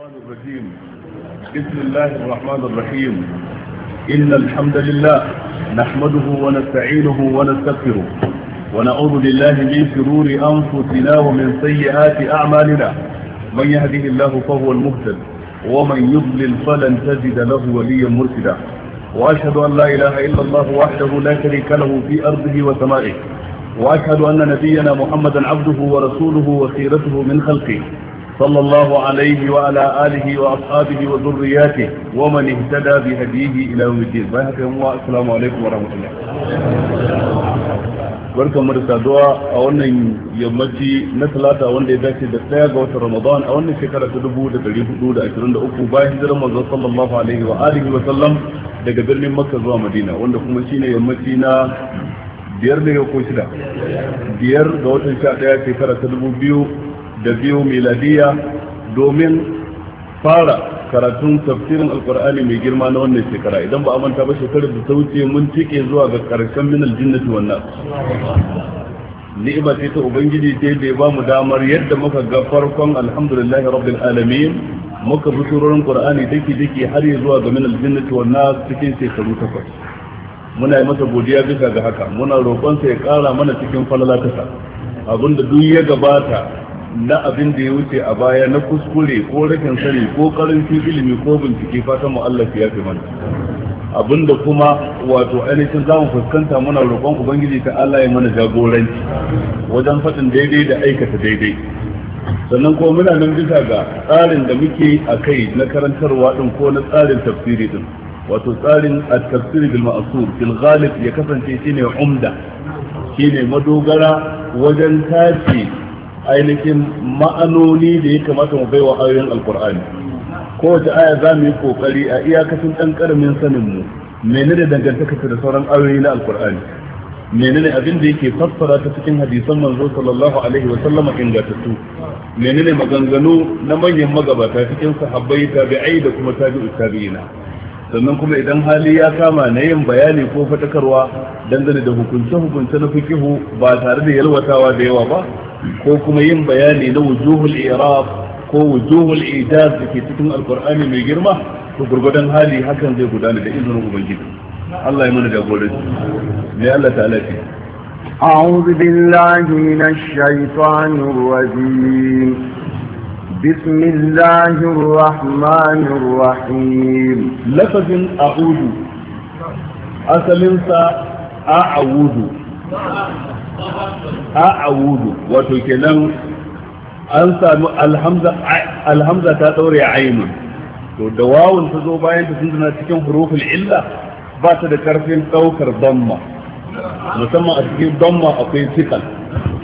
الشيطان الرجيم بسم الله الرحمن الرحيم إن الحمد لله نحمده ونستعينه ونستغفره ونعوذ بالله من شرور أنفسنا ومن سيئات أعمالنا من يهده الله فهو المهتد ومن يضلل فلن تجد له وليا مرشدا وأشهد أن لا إله إلا الله وحده لا شريك له في أرضه وسمائه وأشهد أن نبينا محمدا عبده ورسوله وخيرته من خلقه صلى الله عليه وعلى آله وأصحابه وذرياته ومن اهتدى بهديه إلى يوم الدين السلام عليكم ورحمة الله barkan mu da saduwa a wannan yammaci na talata wanda ya dace da tsaya ga watan ramadan a wannan shekara ta dubu da dari hudu da ashirin da uku bayan hijirar manzon sallallahu alaihi wa alihi wa sallam daga birnin makka zuwa madina wanda kuma shine yammaci na biyar da ko shida biyar ga watan sha daya shekara ta dubu biyu da biyu miladiya domin fara karatun tafsirin alkur'ani mai girma na wannan shekara idan ba a manta ba shekarar da ta wuce mun cike zuwa ga karshen minal jinnati wannan ni'ima ce ta ubangiji ce da ya ba mu damar yadda muka ga farkon alhamdulillahi rabbil alamin muka bi surorin qur'ani dake dake har ya zuwa ga minal jinnati wannan cikin shekaru takwas muna yi masa godiya bisa ga haka muna roƙon ya ƙara mana cikin falala ta abinda duk ya gabata na abin da ya wuce a baya na kuskure ko rashin sani ko karancin ilimi ko bincike fatan mu'allafi Allah ya fi mana abinda kuma wato ainihin zamu fuskanta muna roƙon ubangiji ta Allah ya mana jagoranci wajen faɗin daidai da aikata daidai sannan kuma muna nan bisa ga tsarin da muke a kai na karantarwa din ko na tsarin tafsiri din wato tsarin at-tafsir bil ma'sur ghalib ya kasance shine umda shine madogara wajen tashi. ainihin ma'anoni da ya kamata mu baiwa ayoyin alkur'ani kowace aya za mu yi kokari a iyakacin ɗan karamin sanin mu menene dangantaka da sauran ayoyi na alkur'ani menene abin da yake fassara ta cikin hadisan manzo sallallahu alaihi wa sallama ingantattu menene maganganu na manyan magabata cikin sahabbai tabi'ai da kuma tabi'u tabi'ina sannan kuma idan hali ya kama na yin bayani ko fatakarwa dangane da hukunce-hukunce na fikihu ba tare da yalwatawa da yawa ba ko kuma yin bayani na wujuhul iraq ko wujuhul ijaz da ke cikin alkur'ani mai girma to gurgudan hali hakan zai gudana da izinin ubangiji Allah ya mana jagoranci ne Allah ta'ala ce أعوذ بالله من الشيطان الرجيم بسم الله الرحمن الرحيم لفظ أعود أصل أعود أعود وتكلم an sami alhamza ta ɗaure ainun to da wawun ta zo bayan ta sundana cikin hurufin illa ba ta da karfin ɗaukar damma musamman a cikin bamma akwai sikal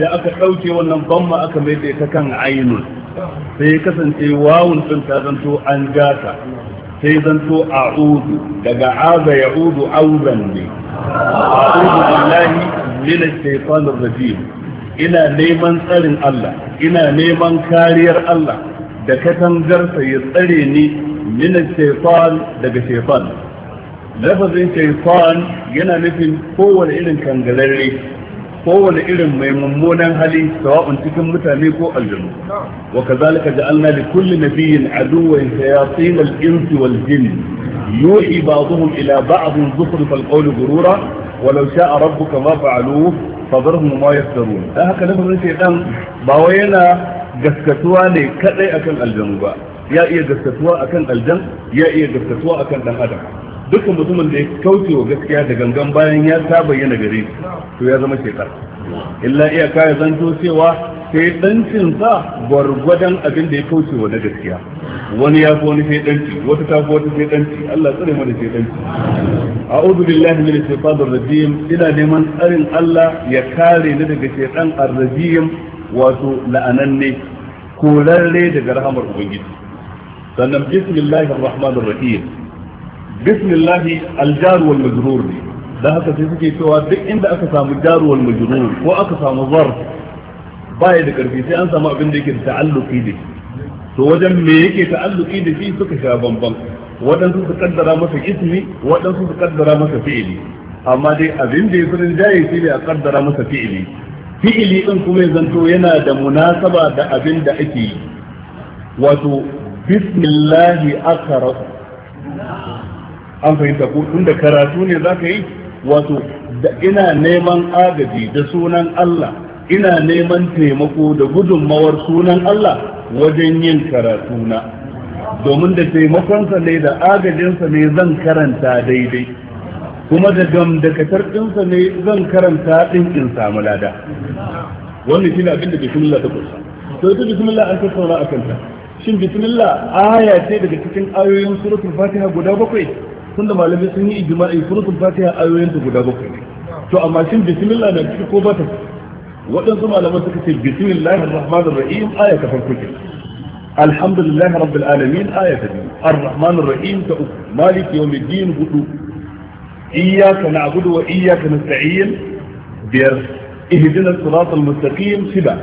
sai aka ɗauke wannan bamma aka mai ta kan ainun sai ya kasance wawun din ta zanto an gata sai zanto a'udu daga aza udu auzan ne a'udu billahi min ash rajim ina neman tsarin Allah ina neman kariyar Allah da katangarsa ya tsare ni min ash daga shaytan lafazin shaytan yana nufin kowane irin kangalarre kowane irin mai mummunan hali sawa'un cikin mutane ko aljanu wa kazalika ja'alna li kulli nabiyyin aduwwan shayatin al-insi wal jinn yuhi ba'dhum ila ba'dhin zukhruf al-qawli ghurura wa law sha'a rabbuka ma fa'aluhu fadharhum ma yaftarun dan haka lafazin dan ba wai yana gaskatuwa ne kadai akan aljanu ba ya iya gaskatuwa akan aljan ya iya gaskatuwa akan dan adam dukkan mutumin da ya kauce wa gaskiya da gangan bayan ya ta bayyana gare to ya zama shekar illa iyaka ya zanto cewa sai dancin sa gwargwadon abin da ya kauce wa na gaskiya wani ya fi wani sai danci wata ta fi wata sai danci Allah tsare mana sai danci a'udhu billahi min shaitanir rajim ina neman tsarin Allah ya kare ni daga shaitan ar wato la'ananne korarre daga rahamar ubangiji sannan bismillahir rahmanir rahim bismillahi aljar wal majrur da haka sai suke cewa duk inda aka samu jaruwar wal ko aka samu zar baya da karfi sai an samu abin da yake ta'alluqi da to wajen me yake ta'alluqi da shi suka sha bamban waɗansu su kaddara masa ismi waɗansu su kaddara masa fi'ili amma dai abin da ya fi rinjaye shi ne a kaddara masa fi'ili fi'ili din kuma ya zanto yana da munasaba da abin da ake yi wato bismillahi akara an fahimta ko tunda karatu ne za ka yi wato da ina neman agaji da sunan Allah ina neman taimako da gudunmawar sunan Allah wajen yin karatu na domin da taimakonsa ne da agajinsa ne zan karanta daidai kuma da gamdakatar ɗinsa ne zan karanta ɗin in samu lada wannan shi ne abin da bismillah ta kusa to ita bismillah an tattauna a kanta shin bismillah aya ce daga cikin ayoyin suratul fatiha guda bakwai tunda malamai sun yi ijma'i suratul fatiha ayoyin ta guda bakwai ne to amma shin bismillah da ciki ko bata waɗansu malaman suka ce bismillahir rahmanir rahim aya ta farko ce alhamdulillah rabbil alamin aya ta biyu arrahmanir rahim ta uku maliki yawmiddin hudu iyyaka na'budu wa iyyaka nasta'in biyar ihdina siratal mustaqim shida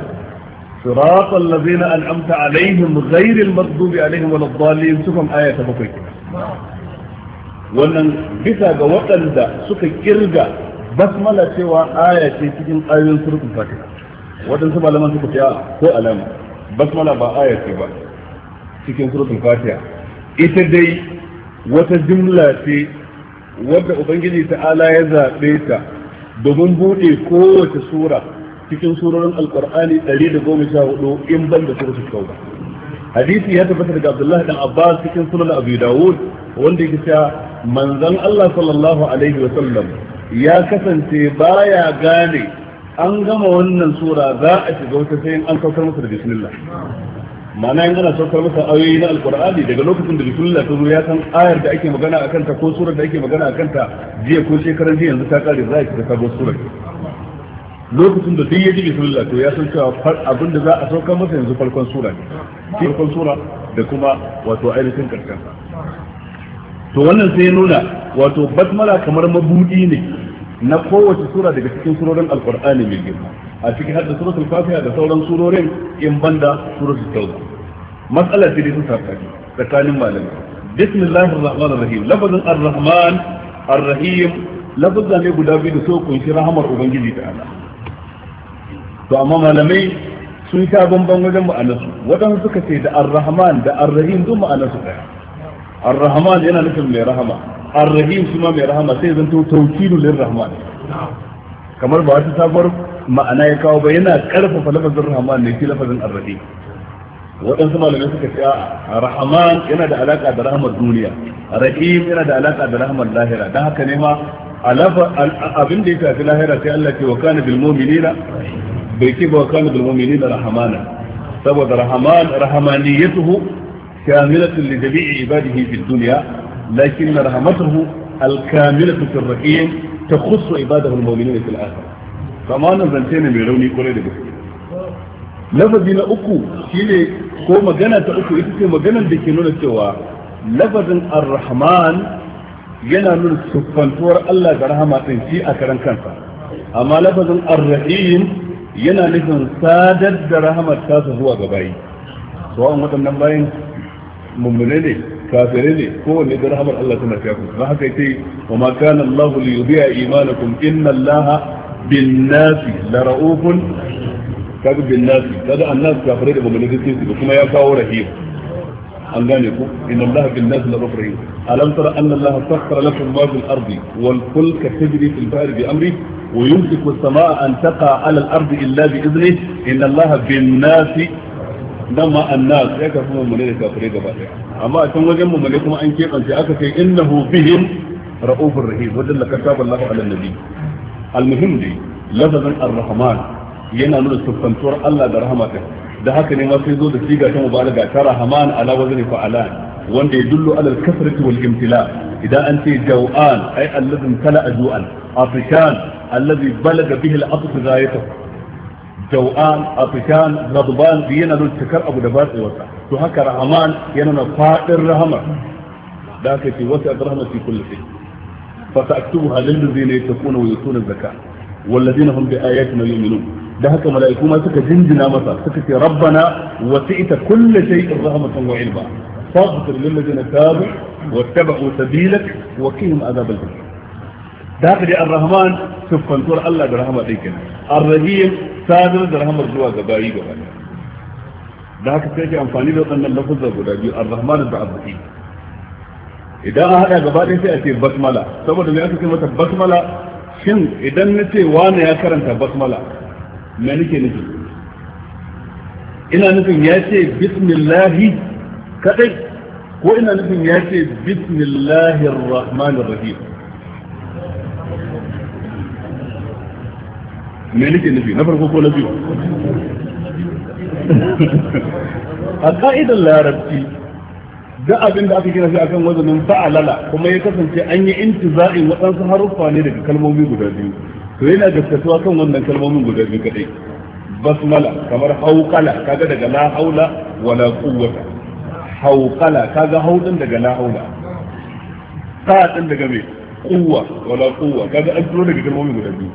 صراط الذين أنعمت عليهم غير المغضوب عليهم ولا الضالين سكم آية بقية wannan bisa ga waɗanda suka kirga basmala cewa aya ce cikin ayoyin surutun fatiha waɗansu malaman suka ce ko alama basmala ba aya ce ba cikin surutun fatiha ita dai wata jimla ce wadda ubangiji ta'ala ya zaɓe ta domin buɗe kowace sura cikin surorin alƙur'ani 114 in ban da suratul tauba hadisi ya tabbata daga Abdullah dan Abbas cikin sunan Abu Dawud wanda yake cewa manzon Allah sallallahu alaihi wa sallam ya kasance baya gane an gama wannan sura za a shiga wata sai an saukar masa da bismillah ma'ana yin ana saukar masa ayoyi na alkurani daga lokacin da bismillah ta zo ya san ayar da ake magana a kanta ko surar da ake magana a kanta jiya ko shekaran jiya yanzu ta kare za a shiga sabon surar lokacin da duk ya ji bismillah to ya san cewa abin da za a sauka masa yanzu farkon sura ne farkon sura da kuma wato ainihin karshen to wannan sai ya nuna wato basmala kamar mabudi ne na kowace sura daga cikin surorin alqur'ani mai girma a cikin hadda suratul fatiha da sauran surorin in banda suratul tauba matsala ce da ta tsakani tsakanin malami bismillahir rahmanir rahim lafazin ar-rahman ar-rahim lafazan ne guda biyu da so kunshi rahamar ubangiji Allah. to amma malamai sun sha bamban wajen ma'anarsu waɗansu suka ce da ar-rahman da ar-rahim duk ma'anarsu ɗaya ar-rahman yana nufin mai rahama ar-rahim shi mai rahama sai zan to tawkilu lir-rahman kamar ba wata sabuwar ma'ana ya kawo ba yana karfafa lafazin rahman ne shi lafazin ar-rahim waɗansu malamai suka ce a rahman yana da alaƙa da rahmar duniya rahim yana da alaƙa da rahmar lahira dan haka ne ma abin da ya shafi lahira sai Allah ce wa kana bil mu'minina bai ce ba kana bil mu'minina rahmana saboda rahaman rahman rahmaniyatuhu kamilatun li jami'i ibadihi fid dunya lakin rahmatuhu al-kamilatu fil rahim takhussu ibadahu al-mu'minina fil akhirah kama nan zance ne mai rauni kwarai da gaske lafazi na uku shine ko magana ta uku ita ce maganar da ke nuna cewa lafazin ar-rahman yana nuna siffantuwar Allah ga rahama din shi a karan kansa amma lafazin ar-rahim yana nufin sadar da rahamar tasa zuwa ga bayi sawa'un waɗannan bayan mummune ne kafire ne kowanne da rahamar Allah tana fiya ku ba haka yake wa ma kana Allahu li yudhi'a imanakum inna Allah bin nasi la ra'ufun kaga bin nasi kaga annas kafire da mummune ne sai kuma ya kawo rahim an gane ku inna Allah bin nasi la ra'ufun alam tara anna Allah sakhkhara lakum ma fil ardi wal fulka tajri fil bahri bi amri ويمسك السماء أن تقع على الأرض إلا بإذنه إن الله بالناس نما الناس يا كفر من ملك كافرين جبارين أما أتم وجم من ملكهم أن كيف أنت أكفي إنه بهم رؤوف الرحيم وجل كتاب الله على النبي المهم دي لفظ الرحمن yana nuna siffantuwar Allah da rahama da haka ne ma sai zo da siga ta mubalaga ta rahman ala wazni wanda ya dullu ala al-kasrati wal imtila idan an ce jaw'an ay alladhi tala ajuan afishan الذي بلغ به الأطف غايته جوآن أطفان غضبان بينا الشكر شكر أبو دبات وسع تهك رحمان ينا فاقر رحمة ذاك في وسع رحمة في كل شيء فساكتبها للذين يتقون ويؤتون الزكاة والذين هم بآياتنا يؤمنون ذهك ملائكوما سكت جندنا مسا سكت ربنا وسئت كل شيء رحمة وعلما فاغفر للذين تابوا واتبعوا سبيلك وكيهم عذاب الجحيم da haka dai ar-rahman siffantuwar Allah da rahama ɗin kenan ar-rahim sadar da rahamar zuwa ga bayi gaba da haka sai ke amfani da waɗannan lafuzza guda biyu ar-rahman da ar idan an haɗa gaba ɗaya sai a ce basmala saboda me aka ce mata basmala shin idan na ce wani ya karanta basmala me nake nufi ina nufin ya ce bismillahi kaɗai? ko ina nufin ya ce bismillahir rahmanir rahim me nake nufi na farko ko na biyu a ka'idar larabci da abin da aka kira shi akan wazanin fa'alala kuma ya kasance an yi intiza'in waɗansu haruffa ne daga kalmomi guda biyu to yana gaskatuwa kan wannan kalmomin guda biyu kaɗai, basmala kamar hauqala kaga daga la haula wala quwwata hauqala kaga haudin daga la haula ta daga me quwwa wala quwwa kaga an turo daga kalmomi guda biyu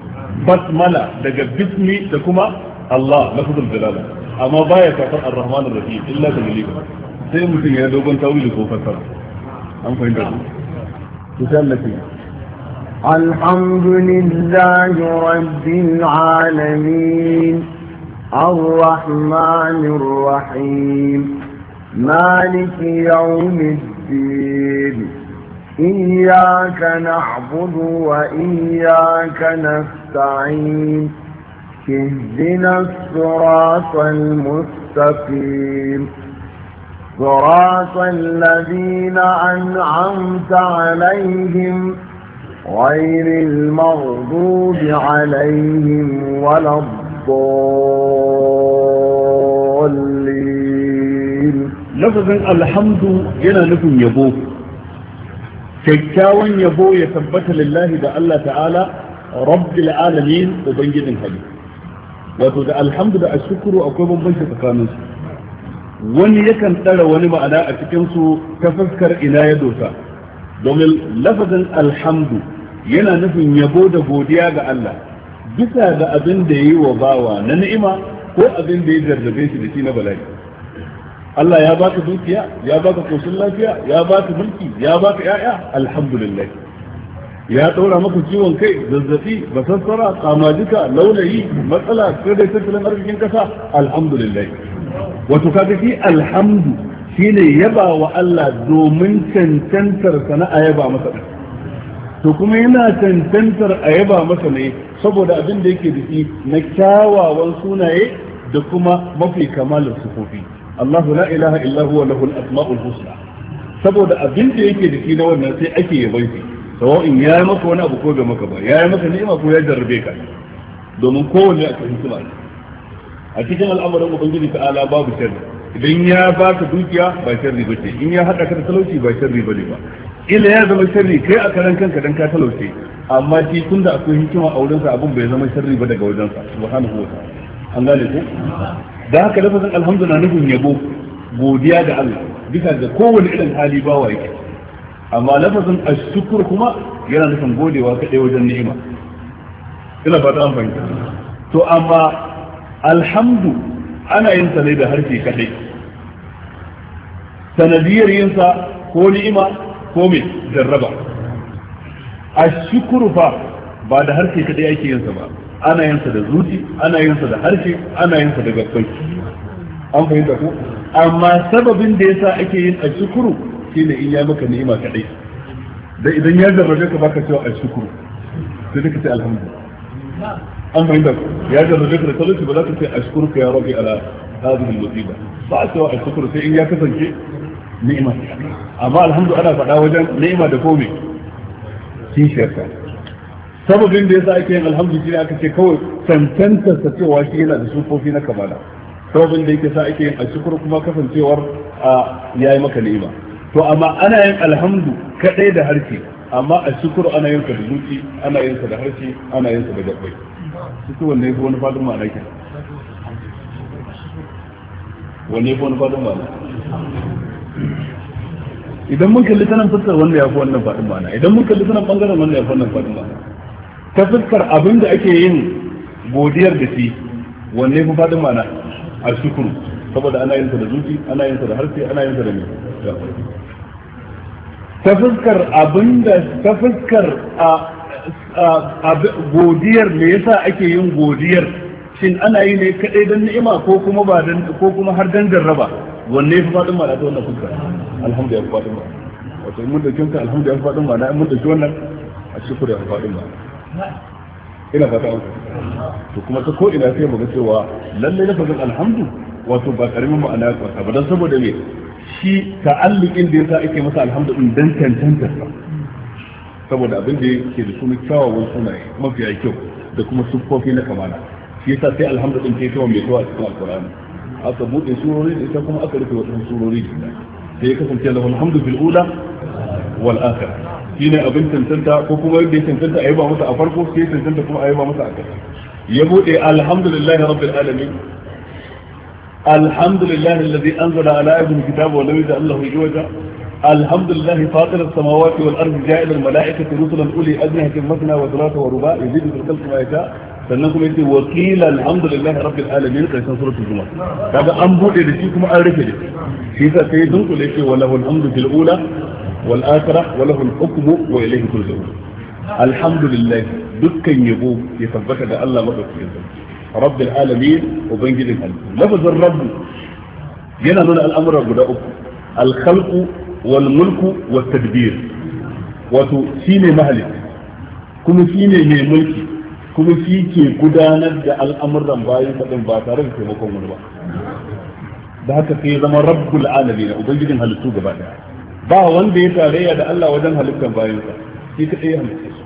basmala daga bismi da kuma Allah lafzul jalala amma baya kafar ar-rahman ar-rahim illa tamlika sai mutum ya dogon tawili ko fassara an fahimta ku to sai الحمد لله رب العالمين الرحمن الرحيم مالك يوم الدين إياك نعبد وإياك نستعين اهدنا الصراط المستقيم صراط الذين أنعمت عليهم غير المغضوب عليهم ولا الضالين لفظ الحمد ينا لكم يبوك kyakkyawan yabo ya tabbata lillahi da Allah ta'ala rabbil alamin ubangijin hali wato da alhamdu da ashkuru akwai bambanci tsakanin su wani yakan tsara wani ma'ana a cikin su ta fuskar ina ya dosa domin lafazin alhamdu yana nufin yabo da godiya ga Allah bisa ga abin da yi wa bawa na ni'ima ko abin da ya jarrabe shi da shi na bala'i Allah ya baka dukiya ya baka koshin lafiya ya baka mulki ya baka yaya alhamdulillah ya ɗaura maka ciwon kai zazzafi basassara kamajika launayi matsala kada tattalin arzikin kasa alhamdulillah wato kaga shi alhamdu shine yaba wa Allah domin cancantar sana a yaba masa to kuma yana cancantar a yaba masa ne saboda abin da yake da shi na kyawawan sunaye da kuma mafi kamalar sufofi Allahu la ilaha illa huwa lahul asma'ul husna saboda abin da yake da shi na wannan sai ake yaban shi in ya yi maka wani abu ko bai maka ba ya yi maka ni'ima ko ya jarrabe ka domin kowanne a cikin hikima ne a cikin al'amuran ubangiji ala babu sharri idan ya ba baka dukiya ba sharri ba ce in ya haɗa ka da talauci ba sharri ba ne ba ila ya zama sharri kai a karan kanka dan ka talauce amma shi tun da akwai hikima a wurinsa abin bai zama sharri ba daga wajensa subhanahu wa ta'ala an gane ko da haka lafazin alhamdu na nufin yabo godiya da Allah bisa ga kowane irin hali ba wa yake amma lafazin ashukur kuma yana nufin godewa kaɗai wajen ni'ima ina fata an fahimta to amma alhamdu ana yin sa ne da harshe kadai sanadiyar yin sa ko ni'ima ko me jarraba ashkuru fa ba da harshe kadai ake yin sa ba ana yin sa da zuci ana yin sa da harshe ana yin sa da gabbai an fahimta ko amma sababin da yasa ake yin ashkuru shine in ya maka ni'ima kadai da idan ya zarrabe ka baka cewa ashkuru sai duka ce alhamdulillah an fahimta ko ya zarrabe ka da talauci ba za ka ce ka ya rabbi ala hadhihi al-musiba ba a cewa ashkuru sai in ya kasance ni'ima amma alhamdu ana faɗa wajen ni'ima da komai kishiyarka sababin da yasa ake yin alhamdu aka ce kawai tantanta sa cewa shi yana da sufofi na kamala sababin da yake sa ake yin alshukuru kuma kasancewar a yayi maka ni'ima to amma ana yin alhamdu kadai da harshe amma alshukuru ana yin sa da zuci ana yin sa da harshe ana yin sa da gabbai shi wanne yake wani fadin ma'ana ke wanne yake wani fadin ma'ana idan mun kalli sanan fassara wanda ya fi wannan fadin ma'ana idan mun kalli sanan bangaren wanda ya fi wannan fadin ma'ana ta fuskar abin da ake yin godiyar da shi wanne fi faɗin mana a shukuru saboda ana yin sa da zuci ana yin sa da harshe ana yin sa da ne ta fuskar abin da ta fuskar godiyar me yasa ake yin godiyar shin ana yi ne kadai don ni'ima ko kuma ba dan ko kuma har dan jarraba wanne fi faɗin mana ta wannan fuskar alhamdulillah faɗin mana wato mun da kinka alhamdulillah faɗin mana mun da wannan a shukuru faɗin mana ina fata an to kuma ta ko ina sai mu ga cewa lalle lafazin alhamdu wato ba karamin ma'ana ya kwata ba don saboda me shi ta'alluqin da yasa ake masa alhamdu din dan tantanta saboda abin da yake da sunan kyawawan sunaye mafiya kyau da kuma siffofi na kamala shi yasa sai alhamdu din ke kawo mai kawo a cikin alqur'ani aka bude surori da ita kuma aka rufe wasu surori da ya kasance lahul hamdu fil ula wal akhirah shine abin tantanta ko kuma yadda ya tantanta ayyuba masa a farko sai tantanta kuma ayyuba masa a ƙasa ya bude alhamdulillahi rabbil alamin alhamdulillahi alladhi anzala ala abdihi kitaba wa lam fatir as-samawati wal ardi فاطر al والارض rusulan uli رسلا اولي اجنحه مثنى وثلاثه ورباع يزيد في الخلق ما يشاء sannan kuma yace wa alhamdulillahi rabbil alamin karshen suratul juma kaga an bude da shi kuma an rufe da shi yasa sai dunkule shi wa lahul hamdu fil ula wal akhirah wa lahu al hukmu wa ilayhi turja'un alhamdulillah dukkan yabo ya tabbata da Allah madaukakin sarki rabbil alamin ubangijin halittu lafazin rabbu yana nuna al'amura guda uku wal mulku wato shine mahalik kuma shine mai mulki kuma shi ke gudanar da al'amuran bayan fadin ba tare da taimakon wani ba da haka sai zama rabbul alamin ubangijin halittu gaba daya ba wanda ya tarayya da Allah wajen halittar bayansa shi ka ya halitta su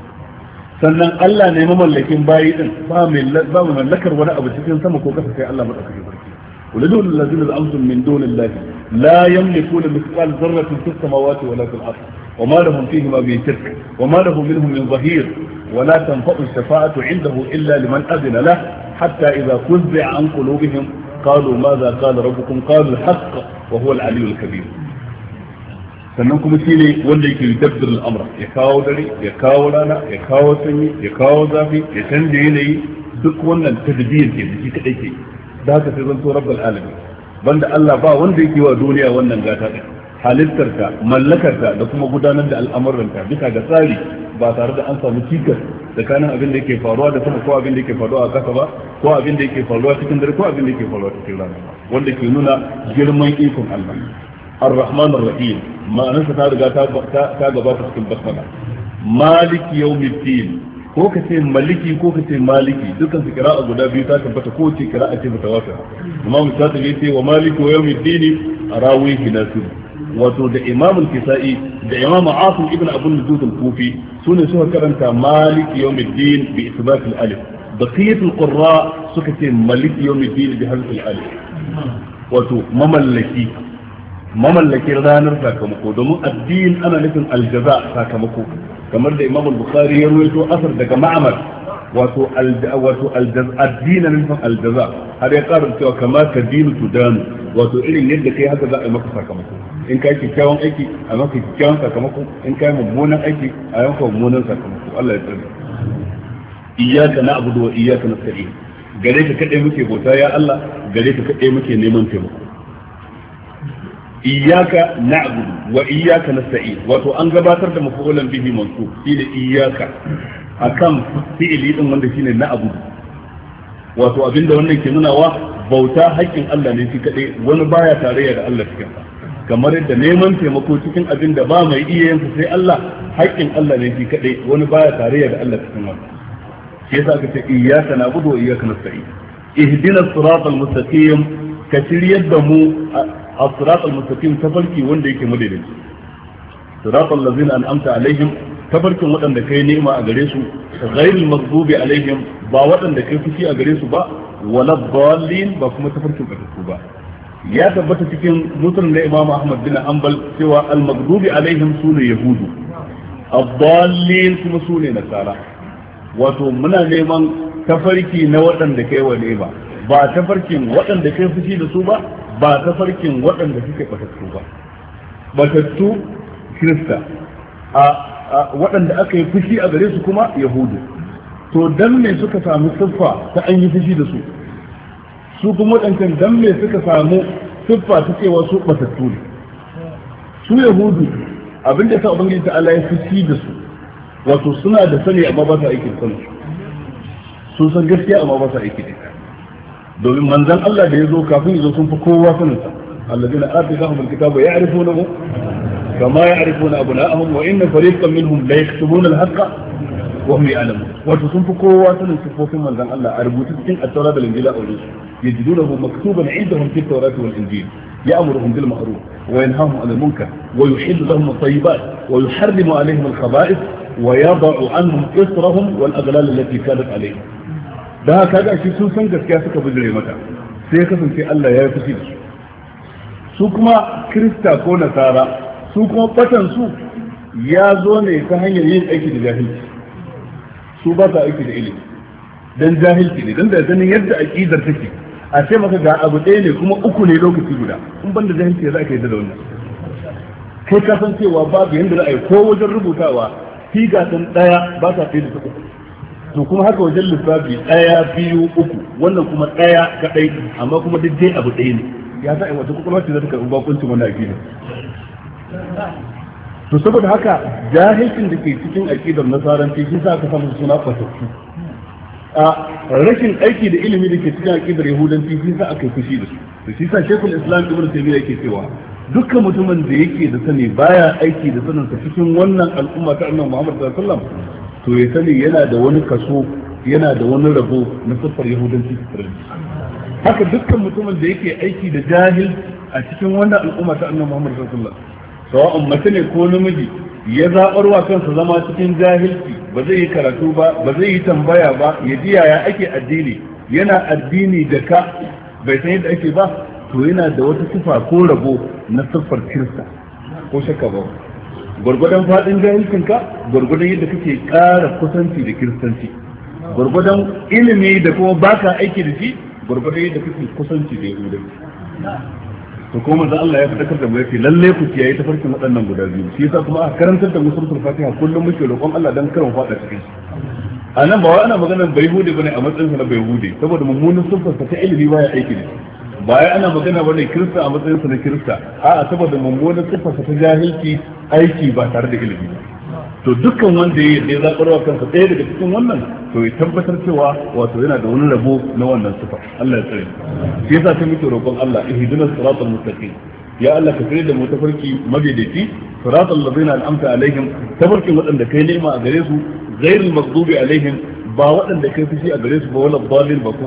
sannan Allah ne mamallakin bayi din ba mai ba mai mallakar wani abu cikin sama ko kasa sai Allah madaukakin sarki ulul ladzina zamtum min dunillahi la yamlikuna mithqal dharratin fis samawati wala fil ardh وما لهم فيهما من شرك وما له منهم من ظهير illa liman الشفاعة عنده hatta لمن kuzza an qulubihim qalu madha qala rabbukum قالوا al-haqq wa huwa al-aliyyu al-kabir sannan kuma shi ne wanda yake yudabbir al'amura, ya kawo dare ya kawo rana ya kawo sanyi ya kawo zafi ya canja yanayi duk wannan tadbir ke shi kadai ke da haka sai so rabbul alami banda Allah ba wanda yake wa duniya wannan gata din halittarta, mallakarta, da kuma gudanar da ta, bisa ga tsari ba tare da an samu cikas tsakanin abin da yake faruwa da sama ko abin da yake faruwa a kasa ba ko abin da yake faruwa cikin dare ko abin da yake faruwa cikin rana wanda ke nuna girman ikon Allah الرحمن الرحيم ما ننسى تارجع تاجبات تسكن بسمنا مالك يوم الدين ko ka ce maliki ko ka ce maliki dukkan su kira'a guda biyu ta tabbata ko ce kira'a ce bata wafa imam shafi'i ce wa maliki wa yawmi dini rawihi nasib wato da imam al-kisai da imam asim ibn abu nujud al-kufi sune suka karanta maliki yawmi din bi isbat al-alif بقية القراء سكت ملك يوم الدين بحذف الألف وتو مملكي mamallakin ranar sakamako domin addinin ana nufin aljaza sakamako kamar da imam bukhari ya ruwaito asar daga ma'amar wato wato addini nufin aljaza har ya ƙara cewa kama ka dinu tudanu wato irin yadda kai haka za a yi maka sakamako in ka yi kyakkyawan aiki a maka kyakkyawan sakamako in ka yi mummunan aiki a yi maka mummunan sakamako Allah ya tsare iyyaka na'budu wa iyyaka nasta'in gare ka kadai muke bauta ya Allah gare ka kadai muke neman taimako iyyaka na'budu wa iyyaka nasta'in wato an gabatar da mafulan bihi mansub shine iyyaka akan fi'ili din wanda shine na'budu wato abinda wannan ke nuna wa bauta haƙƙin Allah ne shi kadai wani baya tarayya da Allah cikin sa kamar yadda neman taimako cikin abin da ba mai iya yin sai Allah haƙƙin Allah ne shi kadai wani baya tarayya da Allah cikin wannan shi yasa aka ce iyyaka na'budu wa iyyaka nasta'in ihdinas siratal mustaqim ka shiryar da mu as-siratal mustaqim tafarki wanda yake madaidaici siratal ladzina an'amta alaihim tafarkin waɗanda kai ni'ima a gare su ghairil maghdubi alaihim ba waɗanda kai fushi a gare su ba wala dallin ba kuma tafarkin batattu ba ya tabbata cikin musulun na imam ahmad bin ambal cewa al-maghdubi alaihim sune yahudu ad-dallin kuma sune nasara wato muna neman tafarki na waɗanda kai wa ni'ima ba ta farkin waɗanda kai fushi da su ba ba ta farkin waɗanda suke batattu ba batattu krista a waɗanda aka yi fushi a gare su kuma yahudu to dan me suka samu siffa ta an yi fushi da su su kuma waɗancan dan me suka samu siffa ta cewa su batattu ne su yahudu abinda ta ubangiji ta Allah ya fushi da su wato suna da sani amma ba sa aikin sani sun san gaskiya amma ba sa aiki ne domin manzan Allah da ya zo kafin zo sun fi kowa sanin sa alladina atahum alkitaba ya'rifunahu kama ya'rifuna abna'ahum wa inna fariqan minhum la yaktubuna alhaqqa wa hum ya'lamun wato sun fi kowa sanin sifofin manzan Allah a rubutu cikin at-taura da injila a wurin yajidunahu maktuban 'indahum fi at-taurati wal injil ya'muruhum bil ma'ruf wa yanhahum 'anil munkar wa yuhillu lahum at-tayyibat wa yuharrimu 'alayhim al-khaba'ith ويضع عنهم إصرهم والأغلال التي كانت عليهم da haka ga shi sun san gaskiya suka bijire mata sai ya kasance Allah ya yi fushi da su su kuma krista ko nasara su kuma batan su ya zo ne ta hanyar yin aiki da jahilci su ba sa aiki da ilimi dan jahilci ne dan da ganin yadda aqidar take a ce maka ga abu ɗaya ne kuma uku ne lokaci guda in ban da jahilci za ka yi da wannan kai ka san cewa babu yanda za a yi ko wajen rubutawa figa ɗaya ba ta fi da ta uku to kuma haka wajen lissafi ɗaya biyu uku wannan kuma ɗaya kaɗai amma kuma duk dai abu ɗaya ne ya sa in wata kwakwalwa ce za ta karɓi bakuncin wannan aƙidar to saboda haka jahilcin da ke cikin aƙidar nasaranci shi sa aka samu suna fatattu a rashin aiki da ilimi da ke cikin aƙidar yahudanci shi sa aka fushi da su to shi sa shekul islam ibn taymiya yake cewa dukkan mutumin da yake da sani baya aiki da sanin cikin wannan al'umma ta annabi Muhammad sallallahu alaihi wasallam to ya sani yana da wani kaso yana da wani rabo na siffar yahudanci da haka dukkan mutumin da yake aiki da jahil a cikin wannan al'umma ta annabi Muhammad sallallahu alaihi mace ne ko namiji ya zabar wa kansa zama cikin jahilci ba zai yi karatu ba ba zai yi tambaya ba ya ji yaya ake addini yana addini da ka bai san yadda ake ba to yana da wata sifa ko rabo na siffar kirista ko shakka ba gwargwadon faɗin jahilcinka gwargwadon yadda kake ƙara kusanci da kiristanci gwargwadon ilimi da kuma baka aiki da shi gwargwadon yadda kake kusanci da yahudanci to kuma manzo Allah ya fadakar da mu yace lalle ku kiyaye tafarkin waɗannan guda biyu shi yasa kuma a karantar da musulmul fatiha kullum muke roƙon Allah dan karin faɗa cikin shi a nan ba wai ana maganar bai hude bane a matsayin sa na bai hude saboda mummunan sunfar ta ilimi baya aiki ne. ba ya ana magana ba ne kirista a matsayinsa na kirista A'a saboda mummunan siffarsa ta jahilci aiki ba tare da ilimi ba to dukkan wanda ya yi zaɓarwa kansa ɗaya daga cikin wannan to ya tabbatar cewa wato yana da wani rabo na wannan sufa, Allah ya tsare shi yasa sai muke roƙon Allah ihdinas siratal mustaqim ya Allah ka tsare da mu tafarki madaidaici siratal ladzina an'amta alaihim tafarkin waɗanda kai ni'ima a gare su ghairul maghdubi alaihim ba waɗanda kai fushi a gare su ba wala dhalin ba ko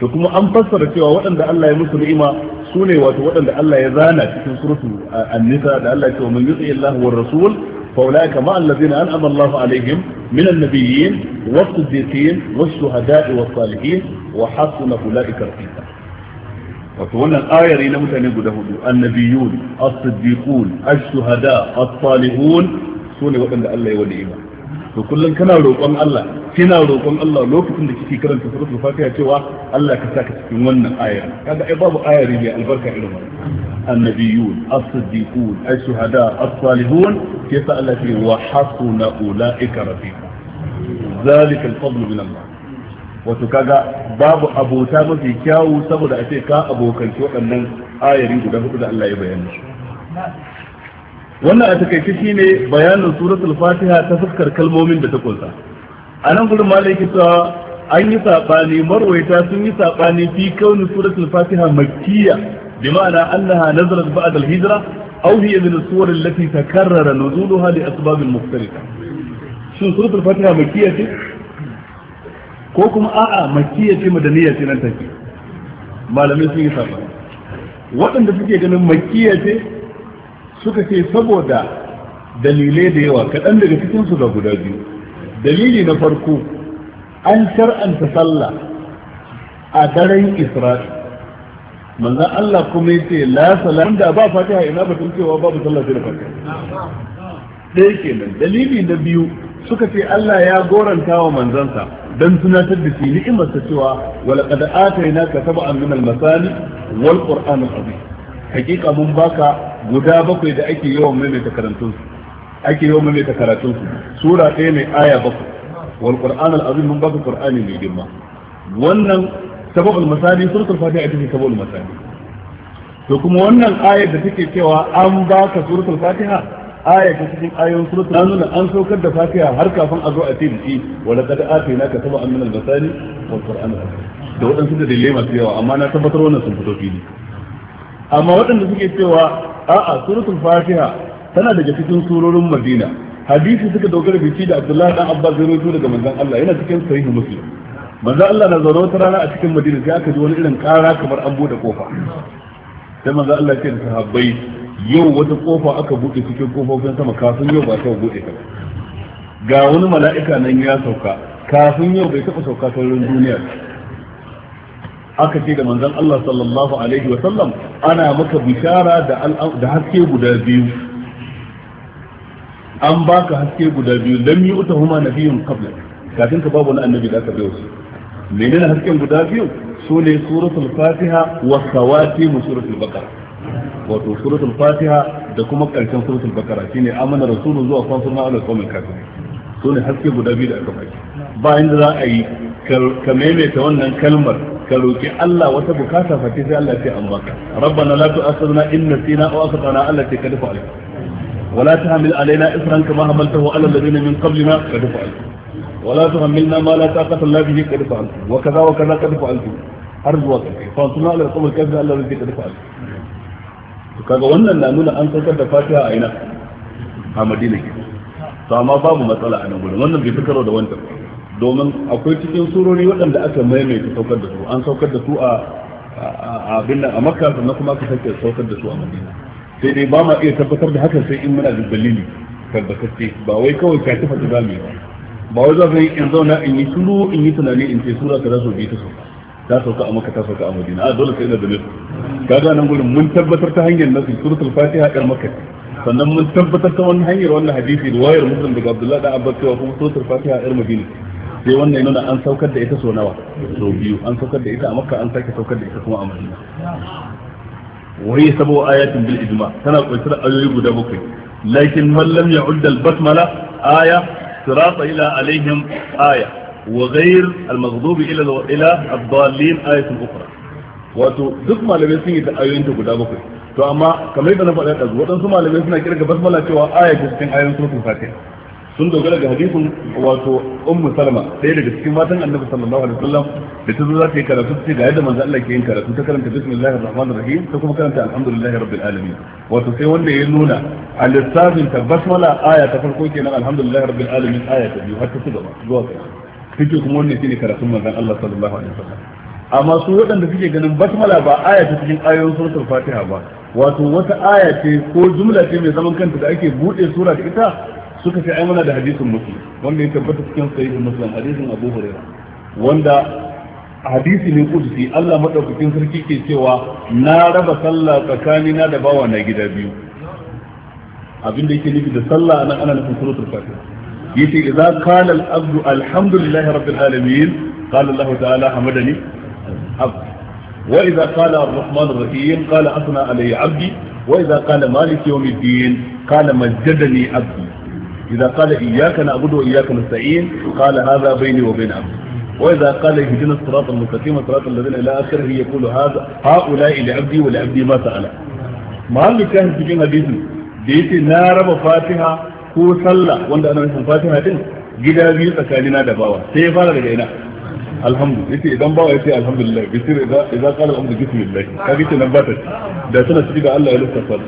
to kuma an fassara cewa waɗanda Allah ya musu ni'ima su ne wato waɗanda Allah ya zana cikin suratu an-nisa da Allah ya ce man yuti Allah wa rasul fa ulaika ma allazina an'ama Allah alaihim min annabiyyin wa was-siddiqin was-shuhada'i wa salihin wa hasuna ulaika rafiqa wato wannan ayari na mutane guda hudu annabiyyun as-siddiqun ash-shuhada as-salihun su ne waɗanda Allah ya wada iman to kullum kana roƙon Allah kina roƙon Allah lokacin da kike karanta suratul fatiha cewa Allah ka saka cikin wannan ayar kaga ai babu ayar ne albarka irin wannan annabiyun as-siddiqun ash-shuhada as-salihun kisa Allah ce wa hasuna ulaika rafiqa zalika al-fadl min Allah wato kaga babu abota mafi kyawu saboda a ce ka abokanci waɗannan ayari guda hudu da Allah ya bayyana wannan a takaice shine bayanin suratul fatiha ta fuskar kalmomin da ta kunsa a nan gudun malaki cewa an yi saɓani marwaita sun yi saɓani fi kaunin suratul fatiha makkiya bi ma'ana annaha nazarat ba'd al-hijra aw hiya min as-suwar allati takarrara nuzuluha li asbab mukhtalifa shin suratul fatiha makkiya ce ko kuma a'a makkiya ce madaniya ce nan take malamai sun yi saɓani waɗanda suke ganin makkiya ce suka ce saboda dalilai da yawa kaɗan daga cikinsu ga guda biyu dalili na farko an shar'anta sallah a daren isra'i manzan Allah kuma yace la salat wanda ba fatiha ina batun cewa babu sallah sai da fatiha ɗaya kenan dalili na biyu suka ce Allah ya goranta wa manzansa don tunatar da shi ni'imar ta cewa wala qad atainaka sab'an min al-masani wal qur'an al-azim hakika mun baka guda bakwai da ake yawan maimaita karatun ake yawan maimaita karatunsu sura ɗaya mai aya bakwai wal qur'an al azim mun baka qur'ani mai girma wannan sababul masali suratul fatiha ita ce sababul masali to kuma wannan ayar da take cewa an baka suratul fatiha ayar ta cikin ayoyin suratul an nuna an saukar da fatiha har kafin a zo a ce da shi wa laqad atainaka sab'an min al masali wal qur'an al azim da waɗansu da dalilai masu yawa amma na tabbatar wannan sun fito fili amma waɗanda suke cewa a'a suratul fatiha tana daga cikin surorin madina hadisi suka dogara biki da abdullahi dan abbas zai rawaito daga manzon Allah yana cikin sahih muslim manzon Allah na zaune wata rana a cikin madina sai aka ji wani irin kara kamar an bude kofa sai manzon Allah ce da sahabbai yau wata kofa aka bude cikin kofofin sama kafin yau ba ta bude ta ga wani mala'ika nan ya sauka kafin yau bai taɓa sauka sauran duniya aka ce da manzon Allah sallallahu alaihi wa sallam ana maka bishara da haske guda biyu an baka haske guda biyu lam yu'tahuma nabiyyun qabla kafin ka babu wani annabi da aka bai wasu menene hasken guda biyu sune suratul fatiha wa sawatim suratul baqara wato suratul fatiha da kuma karshen suratul baqara shine amana rasulu zuwa kwansurna ala kafin kafirin sune haske guda biyu da aka baki ba inda za a yi ka maimaita wannan kalmar ka roki Allah wata bukata fa sai Allah sai an rabbana la tu'akhidhna in nasina aw akhtana Allah sai ka dafa ولا تحمل علينا إصرا كما حملته على الذين من قبلنا قد فعلت ولا تحملنا ما لا طاقة لنا به قد فعلت وكذا وكذا قد فعلت har zuwa ƙarfi fansu na ala kuma kafin Allah zai kada kaga wannan na nuna an saukar da fatiha a ina a madina babu matsala a nan gurin wannan karo da wancan domin akwai cikin surori waɗanda aka maimaita saukar da su an saukar da su a abin nan a makka sannan kuma aka sake saukar da su a madina sai dai ba ma iya tabbatar da hakan sai in muna da dalili tabbatacce ba wai kawai ka tafa ta zame ba ba wai za yi in zauna in yi tulu in yi tunani in ce sura kaza zasu bi ta sauka ta sauka a makka ta sauka a madina a dole sai ina da nufi ka ga nan gurin mun tabbatar ta hanyar nasu suratul fatiha ƙar makka sannan mun tabbatar ta wani hanyar wannan hadisi da wayar muslim daga abdullahi da abbas cewa kuma suratul fatiha kar madina sai wannan nuna an saukar da ita so nawa so biyu an saukar da ita a makka an sake saukar da ita kuma a madina wai sabo ayatin bil ijma tana kunshe da ayoyi guda bakwai lakin mallam ya ya'ud basmala aya sirata ila alaihim aya wa ghayr al maghdubi ila ila ad-dallin ayatun ukhra wato duk malamai sun yi da ayoyin ta guda bakwai to amma kamar da na faɗa ɗazu waɗansu malamai suna kirga basmala cewa aya cikin ayoyin surutun fatiha sun dogara ga hadisin wato ummu salma ɗaya daga cikin matan annabi sallallahu alaihi wasallam da ta zo za ta yi karatu ta ce ga yadda manzo Allah ke yin karatu ta karanta bismillahir rahmanir rahim ta kuma karanta alhamdulillahi rabbil alamin wato sai wanda ya nuna al-lissafin ta basmala aya ta farko kenan alhamdulillahi rabbil alamin aya ta biyu har ta gaba zuwa kai kike kuma wannan shine karatun manzon Allah sallallahu alaihi wasallam amma su waɗanda suke ganin basmala ba aya ta cikin ayoyin suratul fatiha ba wato wata aya ce ko jumla ce mai zaman kanta da ake buɗe sura da ita suka ce ai muna da hadisin muslim wanda ya tabbata cikin sahih muslim hadisin abu hurairah wanda hadisi ne kudusi Allah madaukakin sarki ke cewa na raba sallah tsakanina da bawa na gida biyu abin da yake nufi da sallah nan ana nufin suratul fatiha yace idza qala al-abdu alhamdulillahi rabbil alamin qala Allah ta'ala hamadani abd wa idza qala ar-rahman ar-rahim qala asna alayya abdi wa idza qala malik yawmiddin qala majjadani abdi إذا قال إياك نعبد وإياك نستعين قال هذا بيني وبين عبدك وإذا قال اهدنا الصراط المستقيم صراط الذين إلى آخره يقول هذا هؤلاء لعبدي ولعبدي ما سأله ما اللي كان يجينا جنة بيزن نار وفاتحة هو صلى وانت أنا مثل فاتحة دين جدا بيزا كالنا دباوة سيفا لدينا الحمد لله يتي إذا مباوة يتي الحمد لله بيصير إذا, إذا قال الحمد بسم الله كيف يتنباتك ده سنة سيدة الله يلوك الصلاة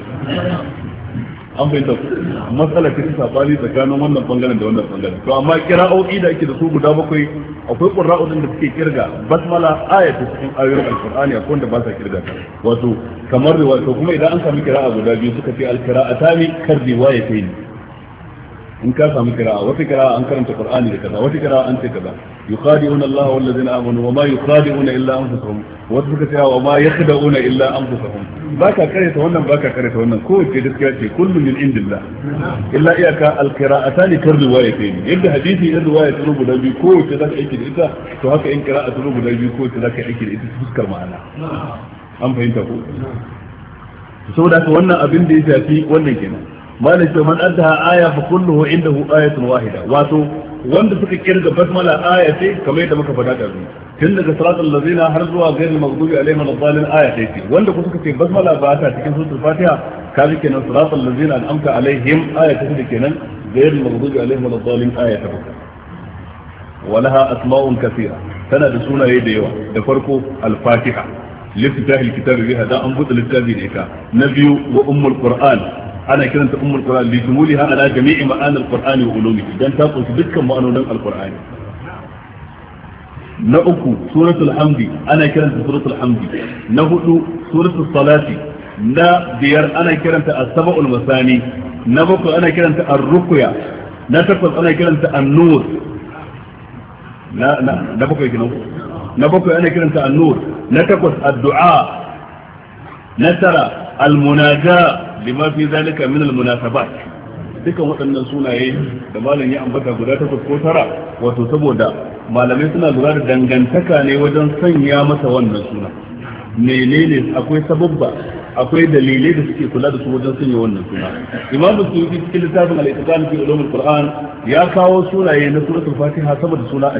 an fahimta su matsala ta kisa bali tsakanin wannan bangaren da wannan bangaren to amma kira'o'i da ake da su guda bakwai akwai qurra'o'in da suke kirga basmala ayatu cikin ayoyin alqur'ani akwai wanda ba sa kirga ta wato kamar riwaya to kuma idan an samu kira'a guda biyu suka ce alqira'atani kar yi in ka samu kira'a wata kira'a an karanta qur'ani da kaza wata kira'a an ce kaza yukhadi'una Allah wal ladina amanu wa ma yukhadi'una illa anfusahum wasu suka ce wa ma yakhda'una illa an buka anfusahum baka karanta wannan ba baka karanta wannan kowace gaskiya ce kullu min indillah illa iyaka alqira'atan kar riwayatayn yadda hadisi in riwaya ta rubu da biyu kowace zaka aiki da ita to haka in qira'a ta rubu da biyu kowace zaka aiki da ita fuskar ma'ana an fahimta ko saboda haka wannan abin da ya shafi wannan kenan malam ce man adda aya fa kulluhu indahu ayatun wahida wato wanda suka kirga basmala aya ce kamar yadda muka faɗa da tun daga salatul lazina har zuwa ghairil maghdubi alaihim waladdallin aya ce wanda kuma suka ce basmala ba ta cikin suratul fatiha kaji kenan salatul lazina an'amta alaihim aya ce da kenan ghairil maghdubi alaihim waladdallin aya ta bakwai walaha asma'un kathira tana da sunaye da yawa da farko al-fatiha liftitahil kitabi biha da an buɗe littafi da ita na biyu wa ummul qur'an ana kiranta ummul qur'an li dumuliha ala jami'i ma'an al-qur'an wa ulumihi dan ta kunshi dukkan ma'anonin al-qur'ani na uku suratul hamdi ana kiranta suratul hamdi na hudu suratul salati na biyar ana kiranta as-sab'ul masani na bakwai ana kiranta ar-ruqya na takwas ana kiranta an-nur na na na bakwai kenan na bakwai ana kiranta an-nur na takwas addu'a na tara almunaja lima fi zalika min almunasabat dukan waɗannan sunaye da malam ya ambata guda takwas ko tara wato saboda malamai suna lura da dangantaka ne wajen sanya masa wannan suna menene akwai sababba akwai dalilai da suke kula da su wajen sanya wannan suna imam suyuti cikin littafin al-itqan fi ulum al-qur'an ya kawo sunaye na suratul fatiha sama da suna